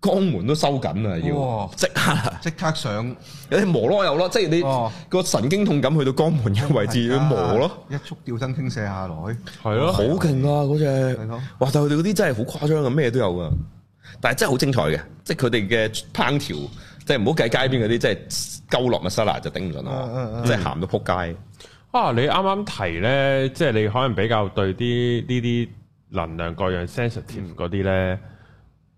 肛門都收緊啊！要即刻，即刻上有啲磨囉，有咯，即係你個神經痛感去到肛門嘅位置要磨咯，一束掉身傾瀉下來，係咯，好勁啊！嗰隻，哇！但係佢哋嗰啲真係好誇張啊，咩都有噶，但係真係好精彩嘅，即係佢哋嘅烹調，即係唔好計街邊嗰啲，即係鳩落密室啦就頂唔順啦，即係鹹到撲街啊！你啱啱提咧，即係你可能比較對啲呢啲能量各樣 sensitive 嗰啲咧。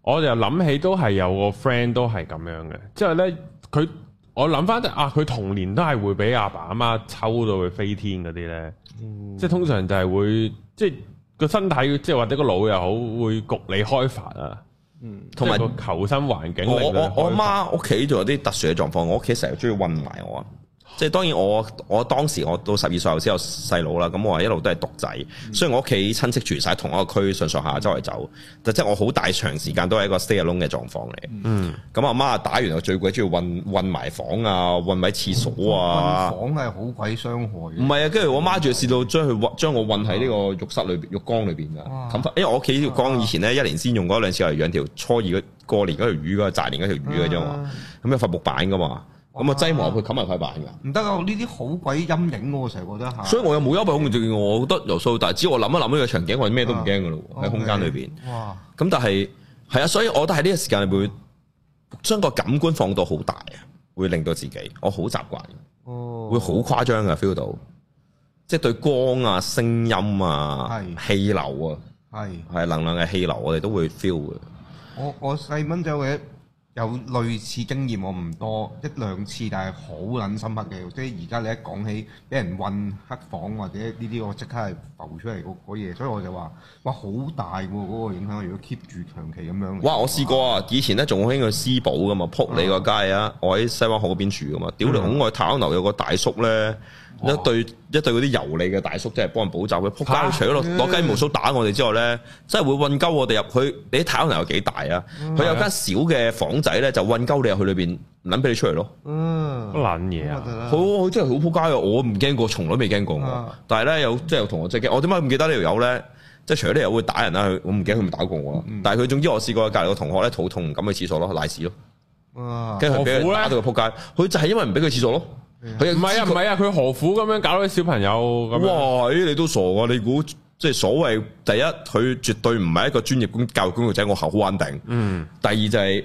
我就諗起都係有個 friend 都係咁樣嘅，即係咧佢我諗翻就啊佢童年都係會俾阿爸阿媽抽到去飛天嗰啲咧，嗯、即係通常就係會即係個身體即係或者個腦又好會焗你開發啊，同埋個求生環境我。我以我阿媽屋企仲有啲特殊嘅狀況，我屋企成日中意韞埋我。即係當然我，我我當時我到十二歲後先有細佬啦。咁我係一路都係獨仔，所以我屋企親戚住晒同一個區，上上下周圍走。但即係我好大長時間都係一個 stay alone 嘅狀況嚟。嗯，咁阿媽打完最鬼中意運運埋房，房啊，運埋廁所啊。房係好鬼傷害。唔係啊，跟住我媽仲要試到將佢將我運喺呢個浴室裏邊浴缸裏邊噶哇。因為我屋企條缸以前咧一年先用嗰兩次係養條初二嘅過年嗰條魚噶，齋年嗰條魚嘅啫嘛。咁有塊木板噶嘛。咁啊，擠磨哇去，冚埋塊板噶，唔得啊！呢啲好鬼陰影噶，我成日覺得嚇哇。所以我又冇憂鬱症，我覺得由細到大，只要我諗一諗呢個場景，我哋咩都唔驚噶咯喎，喺空間裏邊。哇！咁但係係啊，所以我覺得喺呢個時間會將個感官放到好大啊，會令到自己我好習慣哦，會好誇張嘅 feel 到，即係對光啊、聲音啊、是氣流啊，係係是能量嘅氣流我我，我哋都會 feel 嘅。我我細蚊仔嘅。有類似經驗我唔多一兩次，但係好撚深刻嘅。即係而家你一講起俾人混黑房或者呢啲，我即刻係浮出嚟嗰嘢。所以我就話，哇，好大喎！嗰個影響，如果 keep 住長期咁樣。哇！我試過啊，以前咧仲興去私補噶嘛，撲你個街啊！嗯、我喺西灣河嗰邊住噶嘛，嗯、屌你孔外塔樓有個大叔咧。一對一對嗰啲油膩嘅大叔，即係幫人補習，佢撲街，除咗攞雞毛掃打我哋之外咧，真係會韞鳩我哋入去。你睇可能有幾大啊？佢有間小嘅房仔咧，就韞鳩你入去裏邊，攆俾你出嚟咯、嗯。嗯，攆嘢啊！佢佢真係好撲街啊！我唔驚過，從來未驚過。啊、但係咧，有即係有同學即係驚，我點解唔記得呢條友咧？即係除咗你人會打人啦，佢我唔記得佢有打過我。嗯、但係佢總之我試過，隔離個同學咧肚痛，咁去廁所咯，瀨屎咯。跟住俾佢打到佢撲街，佢就係因為唔俾佢廁所咯。唔係啊，唔係啊，佢何苦咁樣搞啲小朋友咁？哇！呢你都傻啊，你估即係所謂第一，佢絕對唔係一個專業咁教育工作者，我好穩定。嗯。第二就係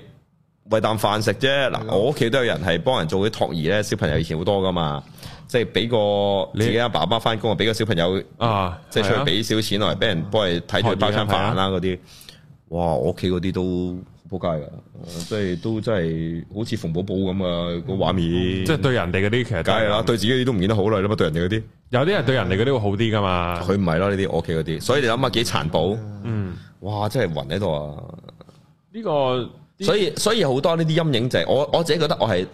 餵啖飯食啫。嗱，的我屋企都有人係幫人做啲托兒咧，小朋友以前好多噶嘛。即係俾個自己阿爸爸翻工，啊，俾個小朋友你啊，即係出去俾少錢落嚟，俾、啊啊、人幫你睇住包餐飯啦嗰啲。哇！我屋企嗰啲都。撲街噶，即係、呃、都真係好似馮寶寶咁啊個畫面，嗯嗯、即係對人哋嗰啲其實梗係啦，對自己啲都唔見得好耐啦嘛，對人哋嗰啲，有啲人對人哋嗰啲會好啲噶嘛，佢唔係咯，呢啲我屋企嗰啲，所以你諗下幾殘暴，嗯，哇，真係暈喺度啊，呢、這個所，所以所以好多呢啲陰影就係我我，我自己覺得我係。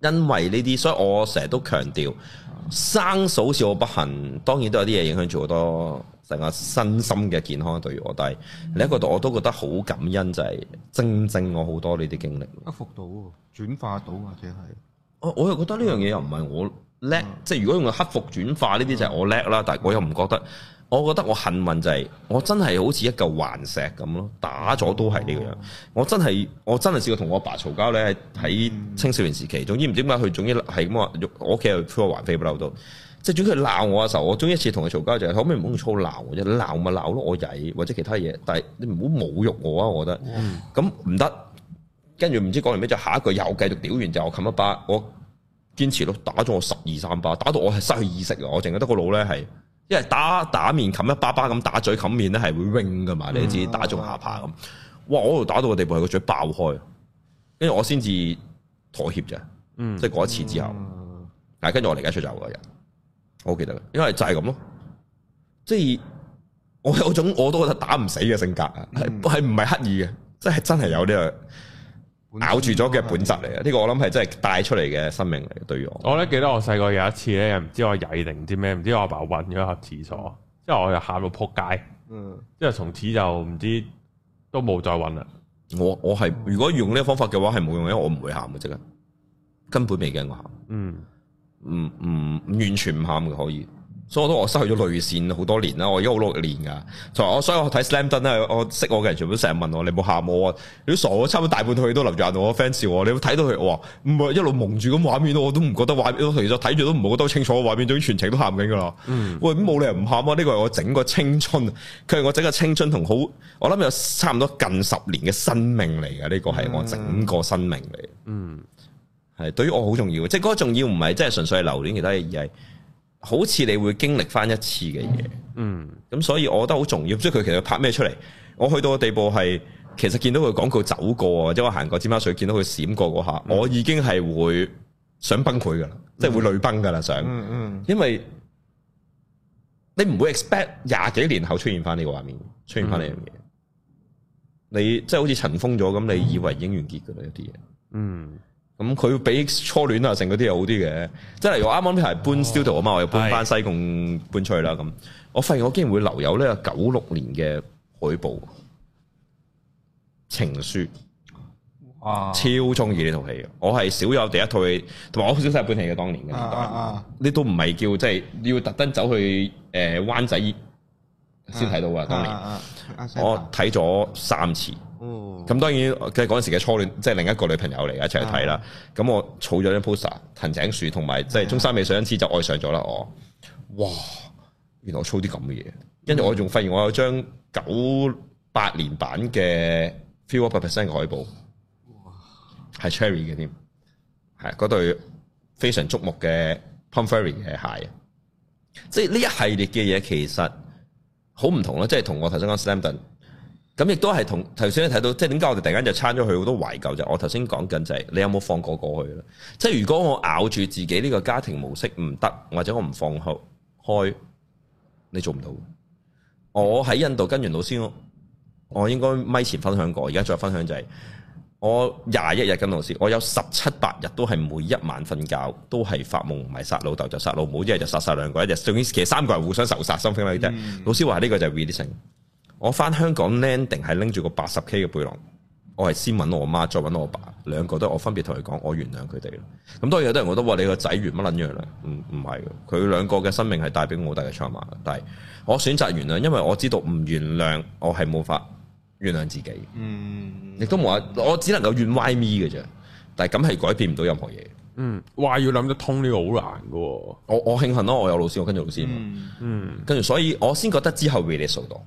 因為呢啲，所以我成日都強調，啊、生嫂事我不行，當然都有啲嘢影響住好多成個身心嘅健康對於我。但係、嗯、另一個，我都覺得好感恩就係、是，正正我好多呢啲經歷，克服到，轉化到，或者係，我、啊、我又覺得呢樣嘢又唔係我叻，嗯、即係如果用個克服轉化呢啲就係我叻啦，但係我又唔覺得。我覺得我幸運就係我真係好似一嚿頑石咁咯，打咗都係呢個樣。我真係、嗯、我真係試過同我爸嘈交咧，喺青少年時期。總之唔知點解佢總之係咁話，我屋企又粗話橫飛不溜都。即係總之佢鬧我嘅時候，我中一次同佢嘈交就係可唔可以唔好粗鬧？一鬧咪鬧咯，我曳或者其他嘢。但係你唔好侮辱我啊！我覺得咁唔得。跟住唔知講完咩就下一句又繼續屌完就我冚一巴，巴。我堅持咯，打咗我十二三巴，巴，打到我係失去意識啊！我淨係得個腦咧係。因為打打面冚一巴巴咁打嘴冚面咧係會 wing 噶嘛，你知打中下巴咁，哇！我度打到個地步係個嘴爆開，跟住我先至妥協啫，嗯，即係嗰一次之後，但係跟住我嚟緊出走嗰日，我記得啦，因為就係咁咯，即係我有種我都覺得打唔死嘅性格啊，係係唔係刻意嘅，即係真係有呢個。咬住咗嘅本質嚟嘅，呢個我諗係真係帶出嚟嘅生命嚟，對於我。我咧記得我細個有一次咧，唔知我曳定啲咩，唔知我阿爸運咗盒廁所，之後我又喊到扑街，嗯，之後從此就唔知都冇再運啦。我我係如果用呢個方法嘅話係冇用，因為我唔會喊嘅即刻，根本未驚我喊，嗯嗯，嗯，唔唔唔完全唔喊嘅可以。所以我我失去咗淚腺好多年啦，我而家好六年噶。就我所以我睇 Slam Dunk 咧，我識我嘅人全部成日問我你冇喊我麼？你都傻，我差唔多大半套都留住，我 fans 笑你你睇到佢，我唔係一路蒙住咁畫面，我都唔覺得畫面。我其實睇住都唔覺得清楚畫面，總之全程都喊緊噶啦。喂、嗯，咁冇理由唔喊啊！呢個係我整個青春，佢係我整個青春同好，我諗有差唔多近十年嘅生命嚟噶。呢個係我整個生命嚟。嗯，係對於我好重要嘅，即係嗰個重要唔係即係純粹係留戀，其他嘢，而係好似你會經歷翻一次嘅嘢，嗯，咁所以我覺得好重要，即係佢其實拍咩出嚟，我去到個地步係，其實見到佢廣告走過，即係我行過尖沙咀見到佢閃過嗰下，嗯、我已經係會想崩潰噶啦，嗯、即係會淚崩噶啦，嗯、想，嗯嗯，因為你唔會 expect 廿幾年後出現翻呢個畫面，出現翻呢樣嘢，嗯、你即係好似塵封咗咁，你以為已經完結噶啦，一啲嘢，嗯。嗯嗯嗯咁佢、嗯、比初戀啊，剩嗰啲又好啲嘅，即係、哦、我啱啱一排搬 studio 啊嘛，我又搬翻西貢搬出去啦咁的、嗯。我發現我竟然會留有呢個九六年嘅海報情書，哇超中意呢套戲。我係少有第一套戲，同埋我好少睇日本戲嘅，當年嘅年代。呢、啊啊啊、都唔係叫即係要特登走去誒、呃、灣仔先睇到啊，啊，啊！當年啊啊、啊、我睇咗三次。哦，咁、嗯、當然，即係嗰陣時嘅初戀，即係另一個女朋友嚟嘅一齊去睇啦。咁、嗯、我儲咗張 poster 藤井樹同埋即係中山美穗，一開始就愛上咗啦。我，嗯、哇！原來我儲啲咁嘅嘢，跟住我仲發現我有張九八年版嘅 Feel a Percent 海報，哇！係 Cherry 嘅添，係嗰對非常觸目嘅 Pump Ferry 嘅鞋，即係呢一系列嘅嘢其實好唔同啦，即係同我頭先講咁亦都係同頭先睇到，即係點解我哋突然間就撐咗佢好多懷舊？就我頭先講緊就係，你有冇放過過去啦？即係如果我咬住自己呢個家庭模式唔得，或者我唔放開，你做唔到。我喺印度跟完老師，我應該咪前分享過。而家再分享就係、是，我廿一日跟老師，我有十七八日都係每一晚瞓覺都係發夢，唔係殺老豆就殺老母，一日就殺殺兩個，一日仲要其實三個人互相仇殺，something like that。嗯、老師話呢個就係 real thing。我翻香港 landing 係拎住個八十 k 嘅背囊，我係先揾我媽，再揾我爸，兩個都我分別同佢講，我原諒佢哋。咁當然有啲人都覺得話你、嗯、個仔原乜捻樣啦，唔唔係佢兩個嘅生命係帶俾我大嘅創傷，但係我選擇原諒，因為我知道唔原諒我係冇法原諒自己。嗯，亦都冇話，我只能夠怨歪咪嘅啫，但係咁係改變唔到任何嘢。嗯，話要諗得通呢、這個好難嘅，我我慶幸咯，我有老師，我跟住老師，嗯，跟、嗯、住所以我先覺得之後 release 到。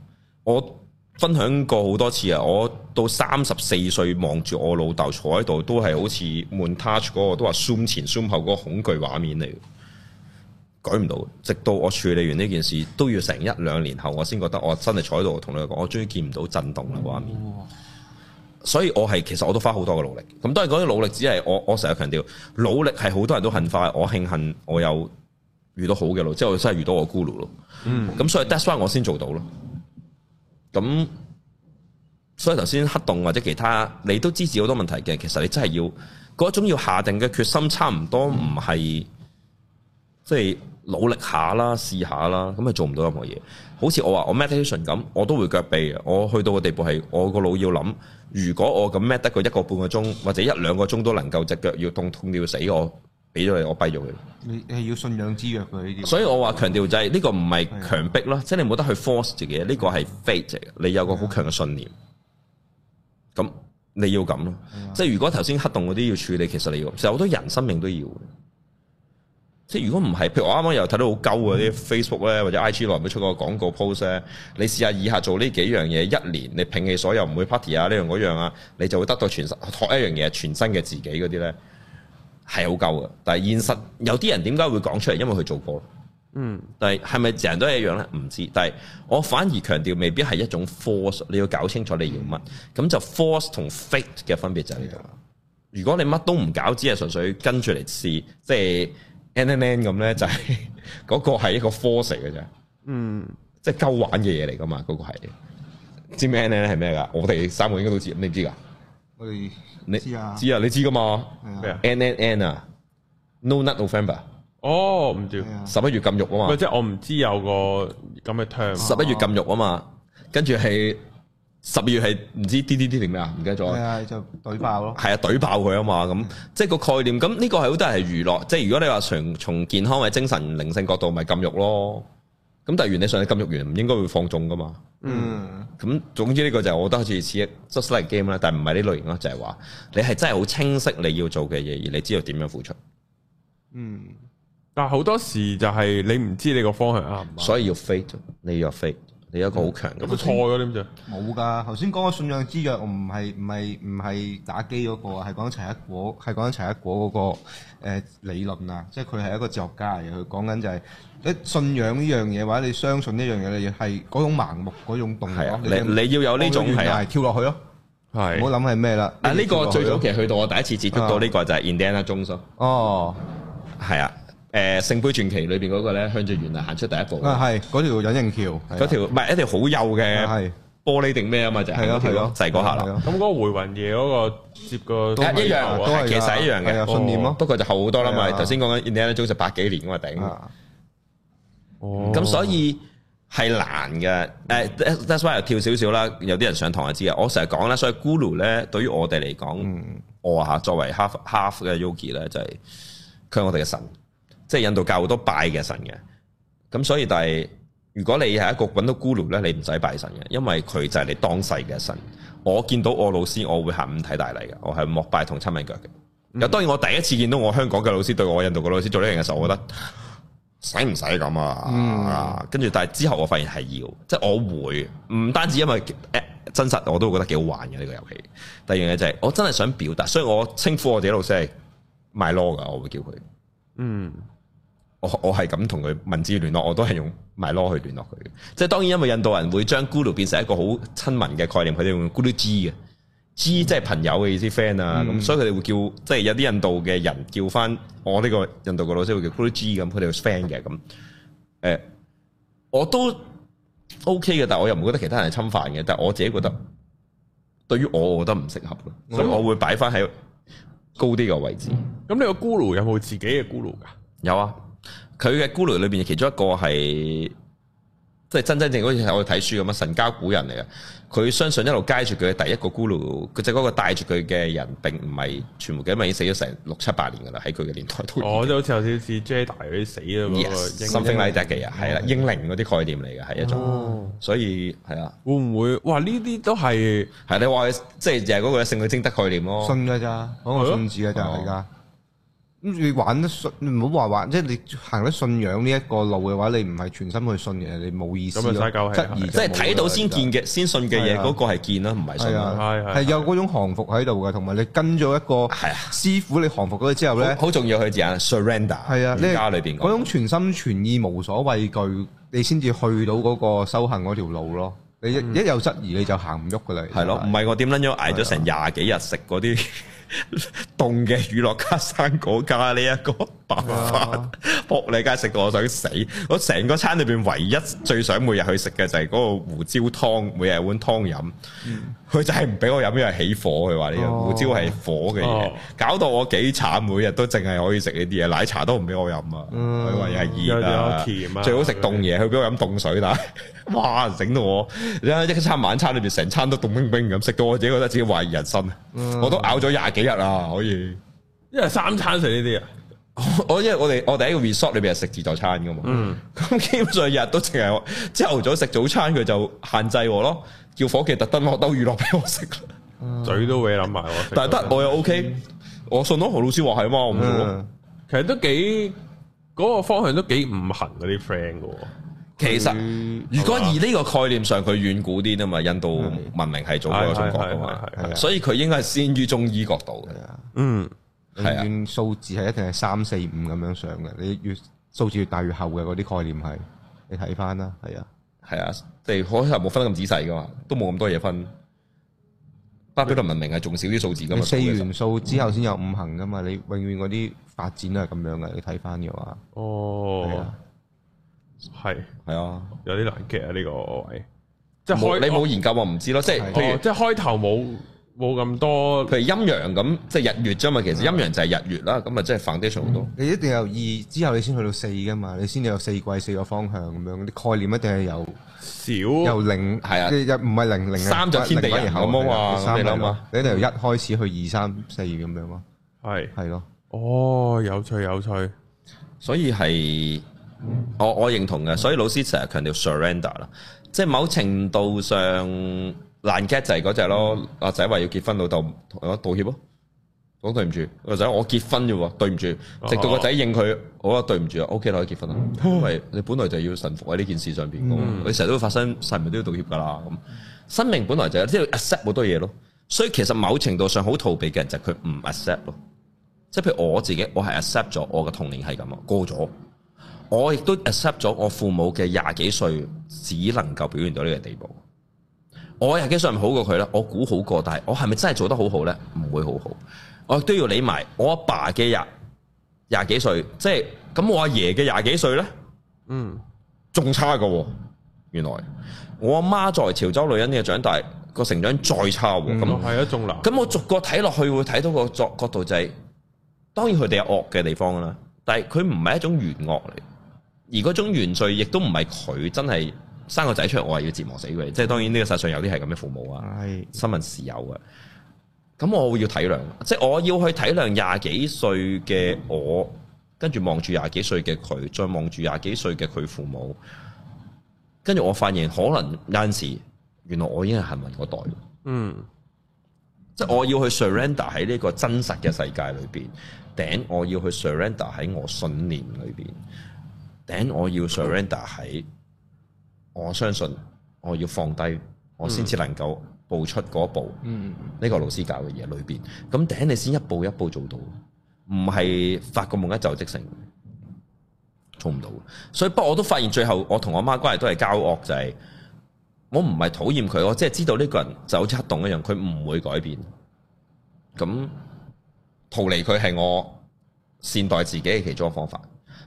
我分享過好多次啊！我到三十四歲望住我老豆坐喺度，都係好似 Montage 嗰、那個，都話 zoom 前 zoom 後嗰個恐懼畫面嚟，改唔到。直到我處理完呢件事，都要成一兩年後，我先覺得我真係坐喺度同你講，我終於見唔到震動嘅畫面。所以我係其實我都花好多嘅努力。咁當然嗰啲努力只係我我成日強調，努力係好多人都恨快。我慶幸我有遇到好嘅路，即係我真係遇到我 guru 咯。咁、嗯、所以 that’s why 我先做到咯。咁所以頭先黑洞或者其他，你都知咗好多問題嘅。其實你真係要嗰種要下定嘅決心，差不不，差唔多唔係即係努力下啦，試下啦，咁係做唔到任何嘢。好似我話我 meditation 咁，我都會腳痹，我去到個地步係，我個腦要諗，如果我咁 med 得個一個半個鐘，或者一兩個鐘，都能夠隻腳要痛痛到要死我。俾咗你，我閉咗佢。你係要信仰之約嘅呢啲。所以我話強調就係呢個唔係強迫咯，即係你冇得去 force 自己。呢個係 fate，你有個好強嘅信念，咁你要咁咯。即係如果頭先黑洞嗰啲要處理，其實你要，其實好多人生命都要嘅。即係如果唔係，譬如我啱啱又睇到好鳩啊，啲 Facebook 咧或者 IG 內唔會出個廣告 post 咧，你試下以下做呢幾樣嘢一年，你摒棄所有唔會 party 啊呢樣嗰樣啊，你就會得到全新學一樣嘢，全新嘅自己嗰啲咧。係好夠嘅，但係現實有啲人點解會講出嚟？因為佢做過，嗯但是是是。但係係咪成日都係一樣咧？唔知。但係我反而強調，未必係一種 force。你要搞清楚你要乜，咁就 force 同 faith 嘅分別就喺呢度。嗯、如果你乜都唔搞，只係純粹跟住嚟試，即、就、係、是、n n n 咁咧、就是，就係嗰個係一個 force 嘅啫。嗯，即係鳩玩嘅嘢嚟噶嘛？嗰、那個係知咩 n 係咩噶？我哋三個應該都知，你唔知噶？知啊、你知啊，知啊，你知噶嘛？咩啊？N N N 啊，No Not November。哦，唔知十一、啊、月禁肉啊嘛？即係我唔知有個咁嘅 term。十一、啊、月禁肉啊嘛，跟住係十二月係唔知啲啲啲定咩啊？唔記得咗。係啊，就懟爆咯。係啊，懟爆佢啊嘛，咁、啊、即係個概念。咁呢個係好多人係娛樂。即係如果你話從從健康或者精神靈性角度，咪禁肉咯。咁但係原理上你上喺金玉園唔應該會放縱噶嘛？嗯，咁總之呢個就係我覺得好似似一 just like game 啦，但係唔係呢類型啦，就係、是、話你係真係好清晰你要做嘅嘢，而你知道點樣付出。嗯，但係好多時就係你唔知你個方向啱，所以要 faith，你要 faith，你一個好強咁錯咗點啫？冇噶、嗯，頭先講個信仰之躍，唔係唔係唔係打機嗰、那個啊，係講齊克果，係講齊克果嗰、那個誒、呃、理論啊，即係佢係一個作家，而佢講緊就係、是。一信仰呢樣嘢，或者你相信呢樣嘢，你係嗰種盲目嗰種動作。你你要有呢種係啊，跳落去咯，係唔好諗係咩啦。啊，呢個最早期去到我第一次接觸到呢個就係 Indiana 中心。哦，係啊，誒聖杯傳奇裏邊嗰個咧，向著懸崖行出第一步。啊，係嗰條隱形橋，嗰條唔係一條好幼嘅玻璃定咩啊嘛，就係咯，就係嗰下啦。咁嗰個回魂夜嗰個接個一一樣，都係其實一樣嘅信念咯。不過就好好多啦嘛，頭先講緊 Indiana 中心八幾年噶嘛，頂。哦，咁所以係難嘅，誒、 啊、，that's why 我跳少少啦。有啲人上堂就知嘅。我成日講啦，所以 Guru 咧對於我哋嚟講，嗯、我啊作為 half half 嘅 Yogi 咧就係、是、佢我哋嘅神，即係印度教好多拜嘅神嘅。咁所以但係如果你係一個搵到 Guru 咧，你唔使拜神嘅，因為佢就係你當世嘅神。我見到我老師，我會下午睇大禮嘅，我係膜拜同親吻腳嘅。又、嗯、當然我第一次見到我香港嘅老師對我印度嘅老師做呢樣嘢嘅時候，我覺得。 使唔使咁啊？跟住、嗯，但係之後我發現係要，即、就、係、是、我會唔單止因為真實，我都覺得幾好玩嘅呢、呢個遊戲。第二樣嘢就係我真係想表達，所以我稱呼我哋老師係 My Law 噶，我會叫佢。嗯，我我係咁同佢文字聯絡，我都係用 My Law 去聯絡佢，即係當然，因為印度人會將 Guru 變成一個好親民嘅概念，佢哋用 Guruji 嘅。G，即係朋友嘅意思，friend 啊、嗯，咁所以佢哋會叫，即係有啲印度嘅人叫翻我呢個印度嘅老師會叫 Guru G 咁，佢哋係 friend 嘅咁。誒、欸，我都 OK 嘅，但係我又唔覺得其他人係侵犯嘅，但係我自己覺得對於我，我覺得唔適合，所以我會擺翻喺高啲嘅位置。咁你、嗯、個 Guru 有冇自己嘅 Guru 噶？有啊，佢嘅 Guru 裏邊其中一個係。即係真真正正好似我哋睇書咁啊，神交古人嚟噶。佢相信一路街住佢嘅第一個 Guru，佢就嗰個帶住佢嘅人，並唔係全部嘅，因為已經死咗成六七百年噶啦，喺佢嘅年代都。我就、哦哦、好似有少少似 Jedi 嗰啲死咗嗰個 something like that 嘅啊，係啦，英靈嗰啲概念嚟嘅係一種，哦、所以係啊。會唔會？哇！呢啲都係係你話，即係就係、是、嗰個聖女貞德概念咯。信噶咋，講個、啊、信字嘅咋而家。咁你玩得信，唔好話玩，即係你行得信仰呢一個路嘅話，你唔係全心去信嘅，你冇意思，質疑，即係睇到先見嘅，先對 信嘅嘢，嗰個係見啦，唔係信啦，係對對 有嗰種降服喺度嘅，同埋你跟咗一個師傅，你降服咗之後咧，好對、啊、重要嘅自字啊，surrender，係啊，你家裏邊嗰種全心全意、無所畏懼，你先至去到嗰個修行嗰條路咯。你一，嗯、你一有質疑，你就行唔喐嘅嚟，係咯，唔係我點撚咗，挨咗成廿幾日食嗰啲。凍嘅乳酪加生果加呢一個白飯，仆你街食到我想死。我成個餐裏邊唯一最想每日去食嘅就係嗰個胡椒湯，每日一碗湯飲。佢就係唔俾我飲，因為起火，佢話呢個胡椒係火嘅嘢，搞到我幾慘。每日都淨係可以食呢啲嘢，奶茶都唔俾我飲啊。佢話又係熱又係甜啊，最好食凍嘢。佢俾我飲凍水啦，哇！整到我，你睇一餐晚餐裏邊成餐都凍冰冰咁，食到我自己覺得自己懷疑人生。我都咬咗廿幾。一日啊，可以，因為三餐食呢啲啊， 我因為我哋我第一個 resort 裏邊係食自助餐噶嘛，咁、嗯、基本上日都淨係朝頭早食早餐，佢就限制我咯，叫伙計特登攞兜魚落俾我食，嗯、 嘴都會諗埋我，嗯、但係得我又 OK，嗯、我信到何老師話係嘛我、嗯，其實都幾嗰、那個方向都幾唔行嗰啲 friend 噶。其實，如果以呢個概念上，佢遠古啲啊嘛，印度文明係早過中國噶嘛，所以佢應該係先於中醫角度啊，嗯，永遠數字係一定係三四五咁樣上嘅，你越數字越大越後嘅嗰啲概念係，你睇翻啦，係啊，係啊，地可能冇分得咁仔細噶嘛，都冇咁多嘢分。巴比倫文明係仲少啲數字噶嘛，四元素之後先有五行噶嘛，你永遠嗰啲發展都係咁樣嘅，你睇翻嘅話，哦。係係啊，有啲難嘅呢個位，即係你冇研究我唔知咯，即係即係開頭冇冇咁多，譬如陰陽咁，即係日月啫嘛。其實陰陽就係日月啦，咁啊，即係 foundation 好多。你一定由二之後你先去到四噶嘛，你先有四季四個方向咁樣啲概念，一定係由少由零係啊，一唔係零零三就天地人咁啊嘛，你一定由一開始去二三四二咁樣咯，係係咯，哦，有趣有趣，所以係。我我認同嘅，所以老師成日強調 surrender 啦，即係某程度上難 g e 就係嗰隻咯。阿仔話要結婚，老豆同我道歉咯，講對唔住。阿仔我結婚啫喎，對唔住。直到個仔應佢，我話對唔住啊，OK，可以結婚啦。啊啊啊因為你本來就要臣服喺呢件事上邊，你成日都會發生，細唔都要道歉噶啦。咁生命本來就有、是、啲要 accept 好多嘢咯，所以其實某程度上好逃避嘅人就係佢唔 accept 咯。即係譬如我自己，我係 accept 咗我嘅童年係咁啊，過咗。我亦都 accept 咗我父母嘅，廿幾歲只能夠表現到呢個地步。我廿幾歲唔好過佢咧？我估好過，但係我係咪真係做得好好咧？唔會好好。我都要理埋我阿爸嘅廿廿幾歲，即係咁我阿爺嘅廿幾歲咧。嗯，仲差噶。原來我阿媽作為潮州女人嘅長大個成長再差。咁係啊，仲那難。咁我逐個睇落去會睇到個角角度就係、是，當然佢哋係惡嘅地方啦。但係佢唔係一種原惡嚟。而嗰種原罪亦都唔係佢真係生個仔出嚟，我係要折磨死佢。即係當然呢個世上有啲係咁嘅父母啊，哎、新聞時有嘅。咁我會要體諒，即係我要去體諒廿幾歲嘅我，跟住望住廿幾歲嘅佢，再望住廿幾歲嘅佢父母。跟住我發現，可能有陣時原來我已經係幸運嗰代。嗯，即係我要去 surrender 喺呢個真實嘅世界裏邊，頂我要去 surrender 喺我信念裏邊。頂我要 surrender 喺、mm，我相信我要放低，我先至能夠步出嗰步。呢個老師教嘅嘢裏邊，咁頂你先一步一步做到，唔係發個夢一就即成，做唔到。所以不過我都發現最後我同我媽關係都係交惡，就係我唔係討厭佢，我即係知道呢個人就好似黑洞一樣，佢唔會改變。咁逃離佢係我善待自己嘅其中一個方法。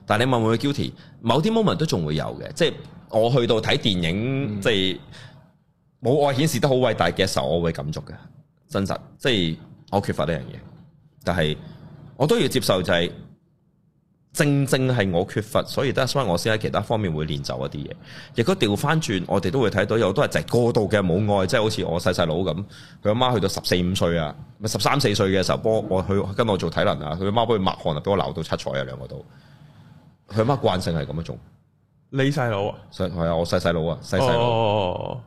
但你問我嘅 guilty，某啲 moment 都仲會有嘅，即係我去到睇電影，嗯、即係母愛顯示得好偉大嘅時候，我會感觸嘅，真實。即係我缺乏呢樣嘢，但係我都要接受就係正正係我缺乏，所以得所以我先喺其他方面會練就一啲嘢。如果調翻轉，我哋都會睇到有都係就係過度嘅母愛，即係好似我細細佬咁，佢阿媽去到十四五歲啊，十三四歲嘅時候幫我去跟我做體能啊，佢阿媽幫佢抹汗啊，俾我鬧到七彩啊兩個都。佢阿媽慣性係咁樣做？你細佬啊？係啊，我細細佬啊，細細佬哦，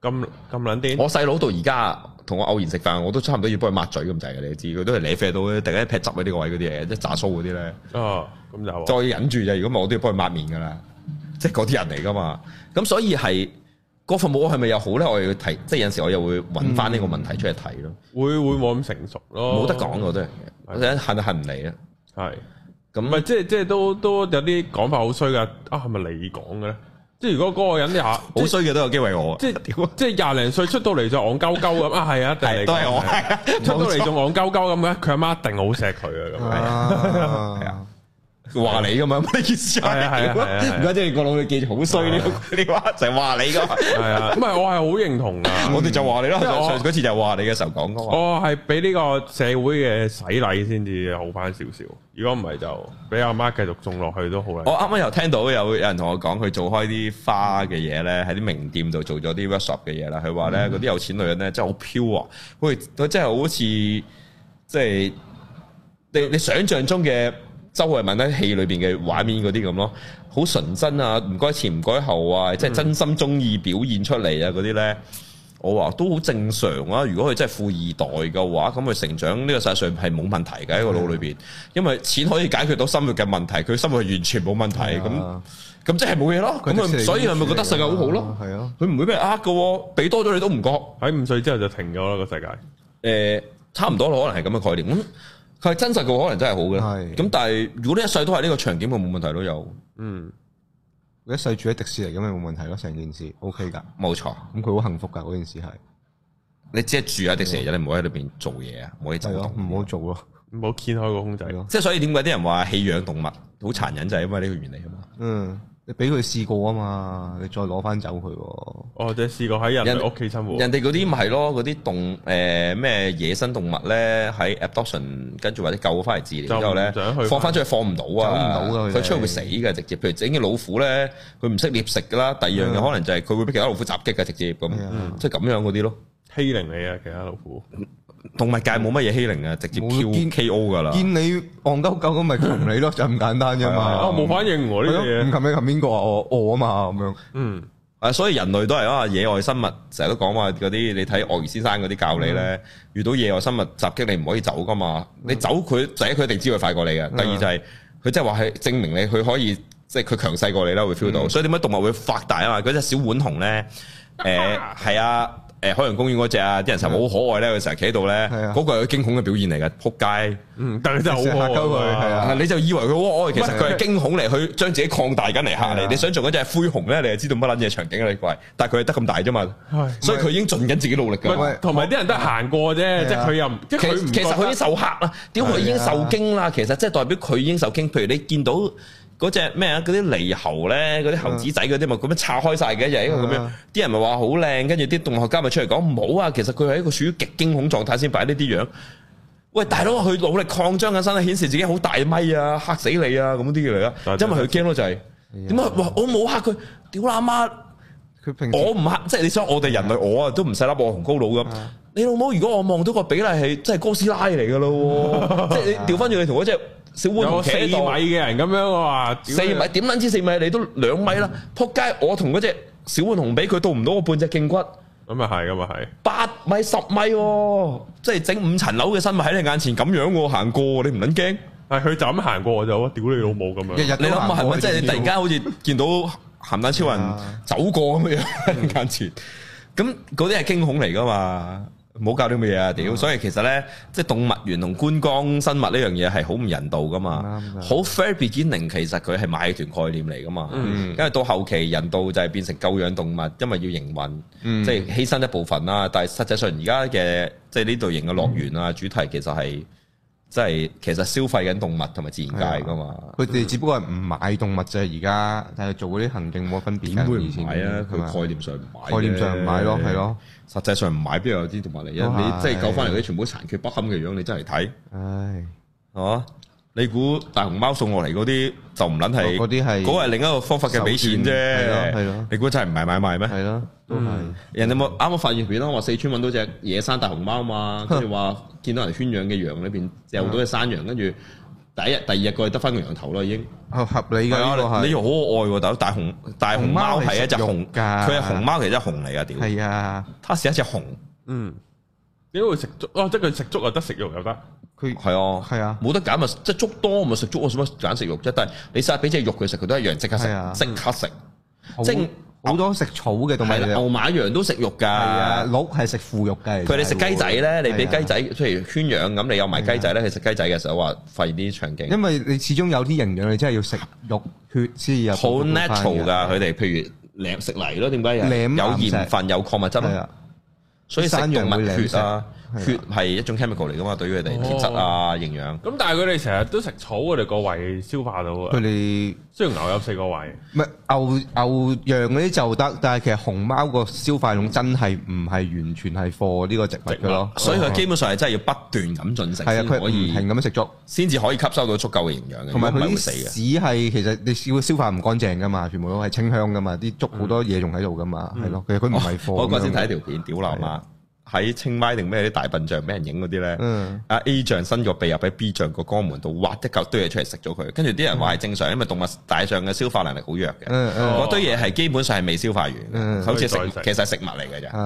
咁咁卵癲。我細佬到而家，同我偶然食飯，我都差唔多要幫佢抹嘴咁滯嘅，你知？佢都係你啡到咧，突然間一劈汁喺呢個位嗰啲嘢，即扎鬚嗰啲咧。哦，咁就好。再忍住就。如果唔係，我都要幫佢抹面噶啦。即係嗰啲人嚟噶嘛。咁所以係個父母係咪又好咧？我又要睇，即係有陣時我又會搵翻呢個問題出嚟睇咯。會會冇咁成熟咯，冇得講我都係，我真係恨都恨唔嚟啦，係。咁唔、嗯、即係即係都都有啲講法好衰噶啊係咪你講嘅咧？即係如果嗰個人啲牙好衰嘅都有機會我即係即係廿零歲出到嚟，就戇鳩鳩咁啊係啊，都係我出到嚟仲戇鳩鳩咁咧，佢阿媽一定好錫佢嘅。咁係啊。 話你噶嘛？咩意思啊？而家真係個老嘅記好衰呢啲，啲話就話你噶。咁係我係好認同啊！我哋就話你咯。上嗰次就話你嘅時候講噶嘛。我係俾呢個社會嘅洗禮先至好翻少少。如果唔係就俾阿媽繼續種落去都好啦。我啱啱又聽到有有人同我講佢做開啲花嘅嘢咧，喺啲名店度做咗啲 workshop 嘅嘢啦。佢話咧，嗰啲有錢女人咧真係好飄，喂，佢真係好似即係你你想象中嘅。周慧敏喺戲裏邊嘅畫面嗰啲咁咯，好純真啊，唔該前唔該後啊，即係真心中意表現出嚟啊嗰啲咧，嗯、我話都好正常啊。如果佢真係富二代嘅話，咁佢成長呢個世界上係冇問題嘅喺是、啊、個腦裏邊，因為錢可以解決到生活嘅問題，佢生活係完全冇問題。咁咁是、啊、即係冇嘢咯。咁所以係咪覺得世界好好咯？係是啊，佢唔會俾人呃嘅喎，俾多咗你都唔覺。喺五歲之後就停咗啦、個世界。誒，差唔多可能係咁嘅概念。佢係真實嘅，可能真係好嘅。咁是但係如果呢一世都係呢個場景，就冇問題都有。嗯，一世住喺迪士尼咁咪冇問題咯。成件事 OK 噶，冇錯錯。咁佢好幸福噶。嗰件事係你只係住喺迪士尼，你唔好喺裏邊、嗯、做嘢啊，唔好走動，唔好做咯，唔好掀開個空仔咯。即係 所以點解啲人話棄養動物好殘、嗯、忍就係因為呢個原理啊嘛。嗯。俾佢試過啊嘛，你再攞翻走佢。哦，即係試過喺人屋企生活。人哋嗰啲咪係咯，嗰啲動誒咩、呃、野生動物咧，喺 adoption 跟住或者救翻嚟治療之後咧，放翻出去放唔到啊！走唔到啊！佢出去會死㗎直接。譬如整隻老虎咧，佢唔識獵食噶啦。第二樣嘢可能就係佢會俾其他老虎襲擊啊，直接咁，即係咁樣嗰啲、嗯、咯。欺凌你啊，其他老虎！動物界冇乜嘢欺凌啊，直接跳 K.O. 噶啦，見你戇鳩鳩咁咪同你咯，就咁簡單啫嘛。啊，冇反應喎呢啲嘢。咁擒你擒邊個啊？我我啊嘛咁樣。嗯，啊，所以人類都係啊，野外生物成日都講話嗰啲，你睇鱷魚先生嗰啲教你咧，遇到野外生物襲擊你唔可以走噶嘛。你走佢，第一佢一定知會快過你嘅。第二就係佢即係話係證明你，佢可以即係佢強勢過你啦，會 feel 到。所以點解動物會發大啊？嘛，嗰隻小碗熊咧，誒，係啊。誒，海洋公園嗰隻啊，啲人成日好可愛咧，佢成日企喺度咧，嗰個係佢驚恐嘅表現嚟嘅，扑街。嗯，但係你就好過佢，係啊，你就以為佢好可愛，其實佢係驚恐嚟去將自己擴大緊嚟吓你。你想做嗰隻灰熊咧，你就知道乜捻嘢場景啦，你怪。但係佢係得咁大啫嘛，所以佢已經盡緊自己努力。唔係，同埋啲人都行過啫，即係佢又，即係佢其實佢已經受吓啦，屌佢已經受驚啦。其實即係代表佢已經受驚。譬如你見到。嗰隻咩啊？嗰啲獼猴咧，嗰啲猴子仔嗰啲咪咁樣拆開晒嘅，又係一個咁樣。啲人咪話好靚，跟住啲動物學家咪出嚟講唔好啊！其實佢係一個處於極驚恐狀態先擺呢啲樣。喂，大佬，佢努力擴張緊身，顯示自己好大咪啊，吓死你啊！咁啲嘢嚟啦，因為佢驚咯，就係點解？我冇吓佢，屌你阿媽，佢平我唔吓，即係你想我哋人類我啊，都唔使甩我龍高佬咁。你老母，如果我望到個比例係真係哥斯拉嚟噶咯，即係你調翻轉你同嗰隻。小浣熊四米嘅人咁樣，我話四米點捻知，四米你都兩米啦，撲街、嗯！我同嗰隻小浣熊比，佢到唔到我半隻脛骨？咁啊係，咁啊係。八米十米，米喔嗯、即係整五層樓嘅生物喺你眼前咁樣行過，你唔捻驚？係佢就咁行過我就，屌你老母咁樣。日日你諗下係咪，是是即係你突然間好似見到鹹蛋超人、嗯、走過咁樣眼前，咁嗰啲係驚恐嚟噶嘛？冇搞啲乜嘢啊！屌、嗯，所以其實咧，即係動物園同觀光生物呢樣嘢係好唔人道噶嘛，好、嗯、fair beginning 其實佢係買團概念嚟噶嘛，嗯、因為到後期人道就係變成救養動物，因為要營運，嗯、即係犧牲一部分啦。但係實際上而家嘅即係呢類型嘅樂園啊主題，其實係即係其實消費緊動物同埋自然界噶嘛。佢哋、啊、只不過係唔買動物啫，而家但係做嗰啲行政冇分別，唔會唔買啊。佢概念上唔買，是是概念上唔買咯，係咯。實際上唔買，邊有啲動物嚟，你即係、哦、救翻嚟啲全部殘缺不堪嘅樣，你真係睇。唉是，係嘛、啊？你估大熊貓送落嚟嗰啲就唔撚係？嗰啲係，嗰係另一個方法嘅俾錢啫。係咯，你估真係唔係買賣咩？係咯，都、嗯、係。人哋冇啱啱發現片咯，話四川搵到隻野生大熊貓嘛，跟住話見到人圈養嘅羊裏邊掉到隻山羊，跟住的。嗯第一日、第二日佢得翻個羊頭咯，已經合理嘅。你又好愛喎，大熊大熊貓係一隻熊㗎，佢係熊貓其實係熊嚟㗎，屌！係啊，佢係一隻熊。嗯，因為食粥，哦，即係佢食粥又得食肉又得，佢係哦係啊，冇得揀啊！即係粥多咪食粥，我使乜揀食肉啫？但係你成日俾隻肉佢食，佢都一樣即刻食，即刻食，即。好多食草嘅，同埋牛、馬、羊都食肉㗎。係啊，鹿係食腐肉嘅。佢哋食雞仔咧，你俾雞仔譬如圈養，咁你有埋雞仔咧去食雞仔嘅時候，話廢啲場景。因為你始終有啲營養，你真係要食肉血先有。好 natural 㗎，佢哋譬如舐食泥咯，點解有鹽分、有礦物質，所以食用物血啊。血係一種 chemical 嚟噶嘛，對於佢哋鐵質啊、營養。咁、哦、但係佢哋成日都食草，佢哋個胃消化到啊。佢哋們雖然牛有四個胃，唔係牛牛羊嗰啲就得，但係其實熊貓個消化系統真係唔係完全係貨呢個植物嘅咯。所以佢基本上係真係要不斷咁進食可以，係啊，佢唔停咁樣食竹先至可以吸收到足夠嘅營養嘅。同埋佢啲屎啊，只係其實你要消化唔乾淨噶嘛，全部都係清香噶嘛，啲竹好多嘢仲喺度噶嘛，係咯、嗯。其實佢唔係貨。哦哦、我嗰先睇條片，屌流媽！的喺清邁定咩啲大笨象俾人影嗰啲咧，阿、嗯、A 象伸個鼻入喺 B 象個肛門度，挖一嚿堆嘢出嚟食咗佢，跟住啲人話係正常，嗯、因為動物大象嘅消化能力好弱嘅，嗰、嗯嗯、堆嘢係基本上係未消化完，嗯、好似食其實係食物嚟嘅啫。咁、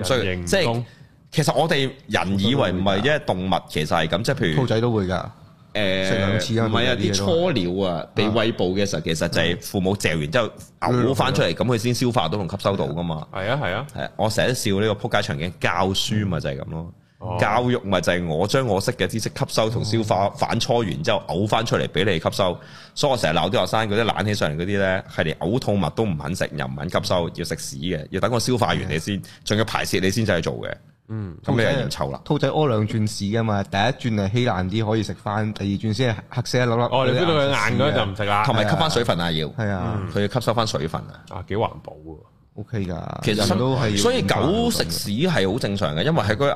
啊、所以即係其實我哋人以為唔係，因為動物其實係咁，即係譬如兔仔都會噶。誒，兩次啊，唔係啊！啲初料啊，被餵哺嘅時候的其實就係父母嚼完之後嘔翻出嚟，咁佢先消化到同吸收到㗎嘛。係啊，係啊，係。我成日笑呢個撲街場景，教書嘛就係咁咯。嗯、教育咪就係我將我識嘅知識吸收同消化，哦、反芻完之後嘔翻出嚟俾你吸收。所以我成日鬧啲學生嗰啲懶起上嚟嗰啲咧，係連嘔吐物都唔肯食，又唔肯吸收，要食屎嘅，要等我消化完你先，仲要的的排泄你先至去做嘅。嗯，咁你又嫌臭啦？兔仔屙兩轉屎噶嘛，第一轉係稀爛啲可以食翻，第二轉先係黑色一粒粒，一粒。哦，你知佢硬嗰陣就唔食啦，同埋吸翻水分啊要。係啊，佢要吸收翻水分啊。啊，幾環保喎，OK 噶。其實都係，所以，所以狗食屎係好正常嘅，因為喺個胃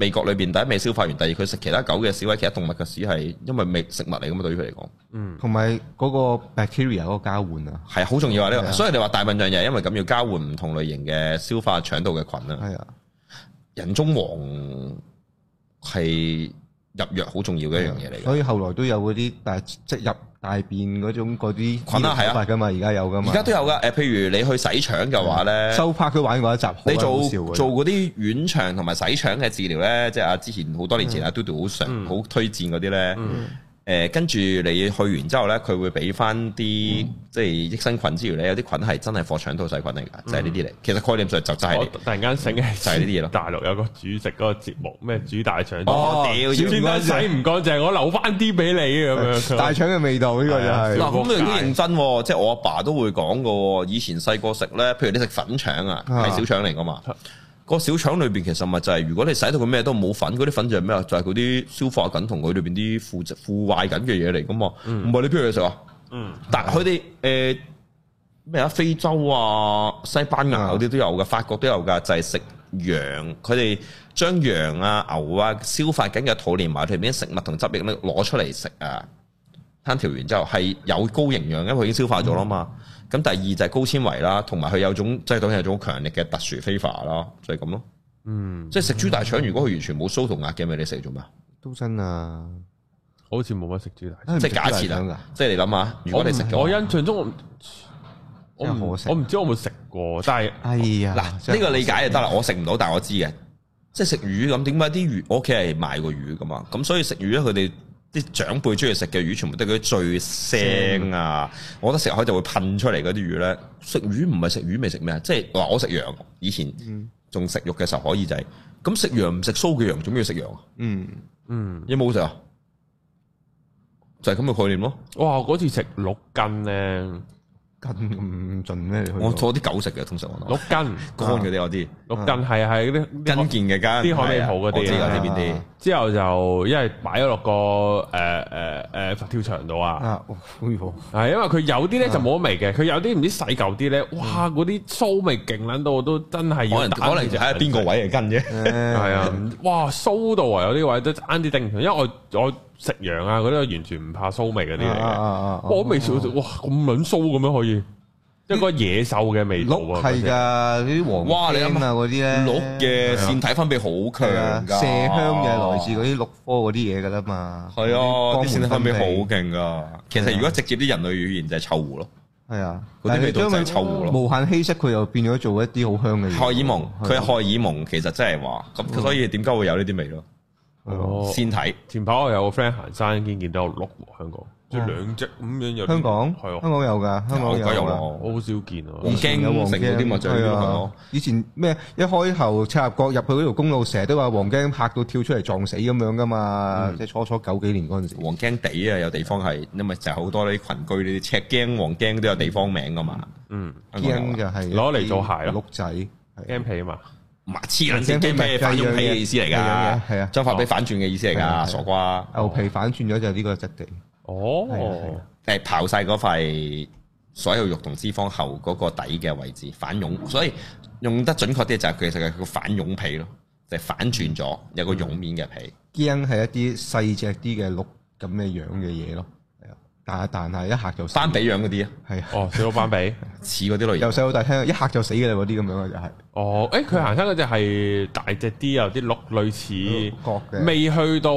胃角裏邊，第一未消化完，第二佢食其他狗嘅屎或者其他動物嘅屎係，因為未食物嚟噶嘛，對於佢嚟講。嗯，同埋嗰個 bacteria 嗰個交換啊，係好重要啊呢個。所以你話大笨象又因為咁要交換唔同類型嘅消化腸道嘅菌啊。係啊。人中王係入藥好重要嘅一樣嘢嚟，所以後來都有嗰啲大即入大便嗰種嗰啲菌啊，係啊，而家有㗎嘛，而家都有㗎。誒，譬如你去洗腸嘅話咧，收拍佢玩一集，你做你做嗰啲遠腸同埋洗腸嘅治療咧，的即係阿之前好多年前阿嘟嘟好常好推薦嗰啲咧。誒，跟住你去完之後咧，佢會俾翻啲即係益生菌之餘咧，有啲菌係真係火腸道細菌嚟噶，就係呢啲嚟。其實概念上就就係突然間醒起就係呢啲嘢咯。大陸有個煮食嗰個節目咩？煮大腸，我屌！煎得洗唔乾淨，我留翻啲俾你咁樣。大腸嘅味道呢個就係。嗱，咁你都認真喎，即係我阿爸都會講噶，以前細個食咧，譬如你食粉腸啊，係小腸嚟噶嘛。個小腸裏邊其實咪就係，如果你洗到佢咩都冇粉，嗰啲粉就係咩、就是嗯、啊？就係嗰啲消化緊同佢裏邊啲腐腐壞緊嘅嘢嚟噶嘛？唔係你譬如其實，但係佢哋誒咩啊？非洲啊、西班牙嗰啲都有噶，法國都有噶，就係、是、食羊，佢哋將羊啊、牛啊消化緊嘅肚連埋，佢入邊食物同汁液咧攞出嚟食啊。烹調完之後係有高營養，因為已經消化咗啦嘛。咁、嗯、第二就係高纖維啦，同埋佢有種即係都係一種強力嘅特殊非法咯，就係咁咯。嗯，即係食豬大腸，如果佢完全冇蘇同壓嘅味，你食嚟做咩？都真啊，好似冇乜食豬大腸。即係假設啊，即係你諗下，我我印象中我我好我唔知我有冇食過，但係哎呀嗱，呢個理解就得啦。我食唔到，但我知嘅。即係食魚咁，點解啲魚我屋企係賣過魚噶嘛？咁所以食魚咧，佢哋。啲長輩鍾意食嘅魚，全部都係啲最腥啊！我覺得食海就會噴出嚟嗰啲魚咧，食魚唔係食魚，未食咩？即係嗱，就是、我食羊，以前仲食肉嘅時候可以，就係咁食羊唔食騷嘅羊，做咩要食羊啊、嗯？嗯嗯，有冇好食啊？就係咁嘅概念咯。哇！嗰次食六斤咧～筋唔盡咩我坐啲狗食嘅，通常我攞六根乾嗰啲，我知六根係係啲筋腱嘅筋，啲海味好嗰啲嘢啲？之後就因係擺咗落個誒誒誒佛跳牆度啊。好舒服。係因為佢有啲咧就冇味嘅，佢有啲唔知細嚿啲咧，哇嗰啲騷味勁捻到都真係。可能可能就喺邊個位嚟跟啫？係啊，哇騷到啊有啲位都啱啲正常，因為我我。食羊啊，嗰啲完全唔怕騷味嗰啲嚟嘅。哇，我未食過，哇，咁卵騷咁樣可以，一個野獸嘅味道啊。係噶，嗰啲黃猄啊嗰啲咧，鹿嘅腺體分泌好強。麝香嘅來自嗰啲鹿科嗰啲嘢噶啦嘛。係啊，啲腺體分泌好勁噶。其實如果直接啲人類語言就係臭狐咯。係啊，嗰啲味道就係臭狐咯。無限稀釋佢又變咗做一啲好香嘅嘢。荷爾蒙，佢係荷爾蒙其實真係話咁，所以點解會有呢啲味咯？哦，先睇前排我有個 friend 行山先見到有鹿喎，香港，即係兩隻咁樣又，香港，係啊香港有噶，香港有啦，好少見啊！黃麖咁黃麖啲物種啊！以前咩一開頭赤鱲角入去嗰條公路，成日都話黃麖，嚇到跳出嚟撞死咁樣噶嘛！即係初初九幾年嗰陣時，黃麖地啊，有地方係，因為就係好多啲群居呢啲赤麖、黃麖都有地方名噶嘛。嗯，麖就係攞嚟做鞋啊。鹿仔麖皮啊嘛！黐撚線咩反絨皮嘅意思嚟噶？係啊，將塊皮反轉嘅意思嚟噶，啊啊、傻瓜！牛皮反轉咗就係呢個質地。哦，係、啊啊、刨晒嗰塊所有肉同脂肪後嗰個底嘅位置，反絨，所以用得準確啲就係其實係個反絨皮咯，就係、是、反轉咗有個絨面嘅皮。驚係一啲細隻啲嘅鹿咁嘅樣嘅嘢咯。嗯但係一嚇就山鼻樣嗰啲啊，係哦，小鹿斑比似嗰啲類型，由細到大聽一嚇就死嘅啦，嗰啲咁樣就係。哦，誒佢行山嗰隻係大隻啲，有啲鹿類似角嘅，未去到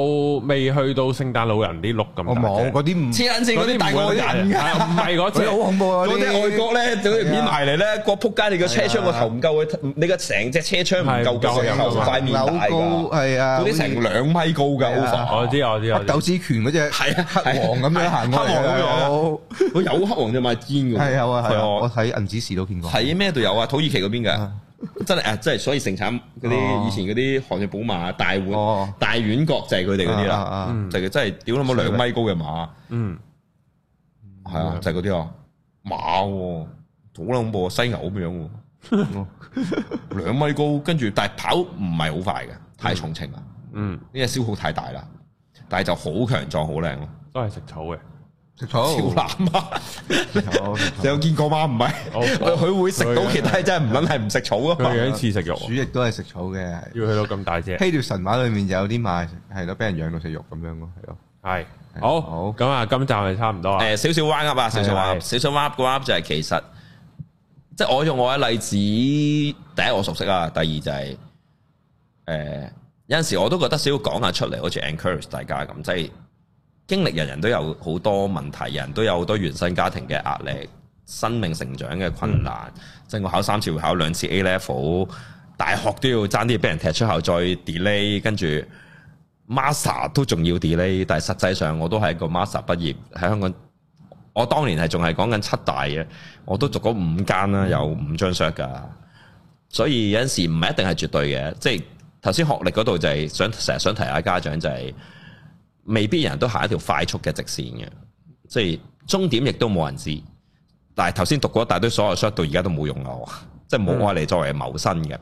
未去到聖誕老人啲鹿咁大隻嗰啲唔啲唔會打人，係嗰隻好恐怖啊！嗰啲外國咧，好似片埋嚟咧，個仆街你個車窗個頭唔夠你個成隻車窗唔夠夠頭塊面大，係啊，嗰啲成兩米高㗎，我知我知我知。鬥士拳嗰隻係啊，黑王咁樣行有我有黑王就馬煎嘅，係啊係啊，我睇銀紙市都見過。喺咩都有啊？土耳其嗰邊嘅，真係啊，真係。所以盛產嗰啲以前嗰啲韓式寶馬大碗大苑國際佢哋嗰啲啦，就真係屌他媽兩米高嘅馬，嗯，係啊，就係嗰啲哦馬，好恐怖啊，犀牛咁樣，兩米高，跟住但係跑唔係好快嘅，太重情啦，嗯，呢個消耗太大啦，但係就好強壯好靚咯，都係食草嘅。朝南啊！有見過馬唔係，佢 Okay. 會食到其他，的真係唔卵係唔食草噶嘛？佢一次食肉，鼠亦都係食草嘅。要去到咁大隻？希條神馬裏面有啲馬係咯，俾人養到食肉咁樣咯，係咯。係是，好，好，咁啊，今集咪差唔多啊。誒，少少彎鴨啊，少啊的少彎，少少彎鴨。個彎就係其實，即係我用我嘅例子，第一我熟悉啊，第二就係、是、誒、呃、有陣時我都覺得少少講下出嚟，好似 encourage 大家咁，即係。經歷人人都有好多問題，人都有好多原生家庭嘅壓力、生命成長嘅困難。即係、嗯、我考三次會考兩次 A level，、嗯、大學都要爭啲俾人踢出校，再 delay，跟住 master 都仲要 delay。但係實際上我都係一個 master 畢業喺香港。我當年係仲係講緊七大嘅，我都讀咗五間啦，有五張 shot 噶。所以有陣時唔係一定係絕對嘅，即係頭先學歷嗰度就係想成日想提下家長就係、是。未必人都行一條快速嘅直線嘅，即係終點亦都冇人知。但係頭先讀過一大堆所有書到而家都冇用。我即係冇愛你作為謀生嘅，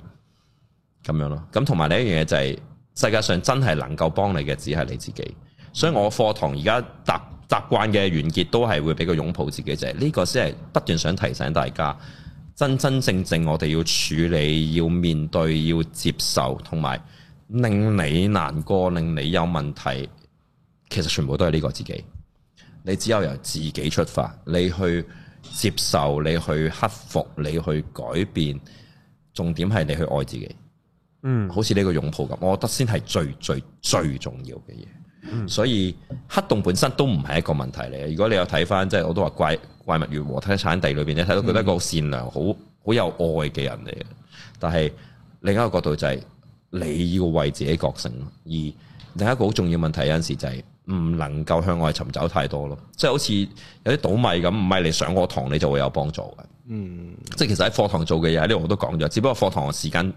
咁樣咯。咁同埋另一樣嘢就係、是、世界上真係能夠幫你嘅，只係你自己。所以我課堂而家習習慣嘅完結都係會俾個擁抱自己，就係呢個先係不斷想提醒大家真真正正我哋要處理、要面對、要接受，同埋令你難過、令你有問題。其實全部都係呢個自己，你只有由自己出發，你去接受，你去克服，你去改變，重點係你去愛自己。嗯，好似呢個擁抱咁，我覺得先係最,最最最重要嘅嘢。嗯，所以黑洞本身都唔係一個問題嚟嘅。如果你有睇翻，即係我都話怪、怪獸與牠們嘅產地裏邊你睇到佢係一個好善良、好好有愛嘅人嚟嘅。但係另一個角度就係、是、你要為自己覺醒而另一個好重要問題有陣時就係、是。唔能夠向外尋找太多咯，即係好似有啲倒米咁，唔係你上我堂你就會有幫助嘅。嗯，即係其實喺課堂做嘅嘢，呢個我都講咗，只不過課堂時間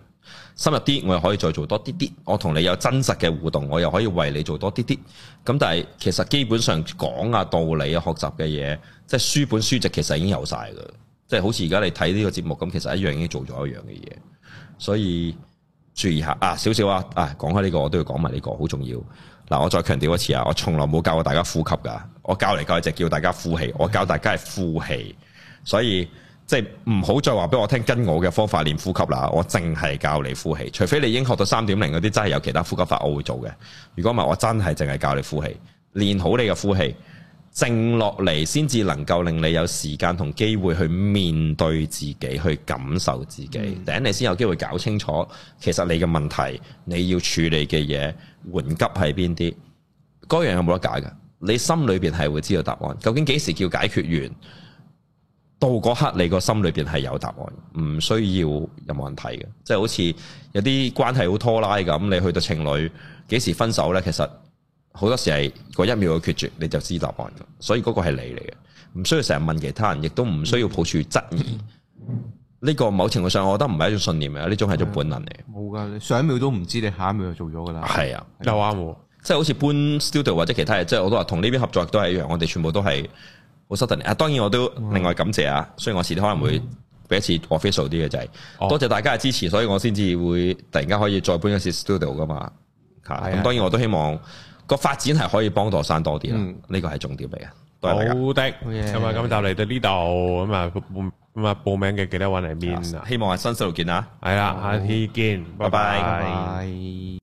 深入啲，我又可以再做多啲啲。我同你有真實嘅互動，我又可以為你做多啲啲。咁但係其實基本上講啊道理啊學習嘅嘢，即係書本書籍其實已經有晒㗎。即係好似而家你睇呢個節目咁，其實一樣已經做咗一樣嘅嘢。所以注意下啊，少少啊，啊講開呢個我都要講埋呢個，好重要。嗱，我再強調一次啊！我從來冇教過大家呼吸㗎，我教嚟教去就叫大家呼氣，我教大家係呼氣，所以即係唔好再話俾我聽，跟我嘅方法練呼吸啦！我淨係教你呼氣，除非你已經學到三點零嗰啲，真係有其他呼吸法，我會做嘅。如果唔係，我真係淨係教你呼氣，練好你嘅呼氣。靜落嚟先至能夠令你有時間同機會去面對自己，去感受自己。等、嗯、你先有機會搞清楚，其實你嘅問題，你要處理嘅嘢，緩急喺邊啲。嗰樣有冇得解嘅？你心裏邊係會知道答案。究竟幾時叫解決完？到嗰刻，你個心裏邊係有答案，唔需要任何、就是、有冇人睇嘅。即係好似有啲關係好拖拉咁，你去到情侶，幾時分手呢？其實。好多時係嗰一秒嘅決絕，你就知答案，所以嗰個係你嚟嘅，唔需要成日問其他人，亦都唔需要抱住質疑。呢 個某程度上，我覺得唔係一種信念嘅，呢種係一種本能嚟。冇噶、哎，你上一秒都唔知，你下一秒就做咗噶啦。係啊，又啱喎，即係好似搬 studio 或者其他嘢，即、就、係、是、我都話同呢邊合作都係一樣，我哋全部都係好 sudden 啊，當然我都另外感謝啊，雖然我遲啲可能會俾一次 official 啲嘅，就係、是、多謝大家嘅支持，所以我先至會突然間可以再搬一次 studio 噶嘛。吓，咁當然我都希望。個發展係可以幫助生多啲啦，呢個係重點嚟嘅。好的、哦，咁啊咁就嚟到呢度，咁啊咁啊報名嘅幾多位嚟面，希望喺新市路見啊，係啦，下期見，拜拜。拜拜拜拜。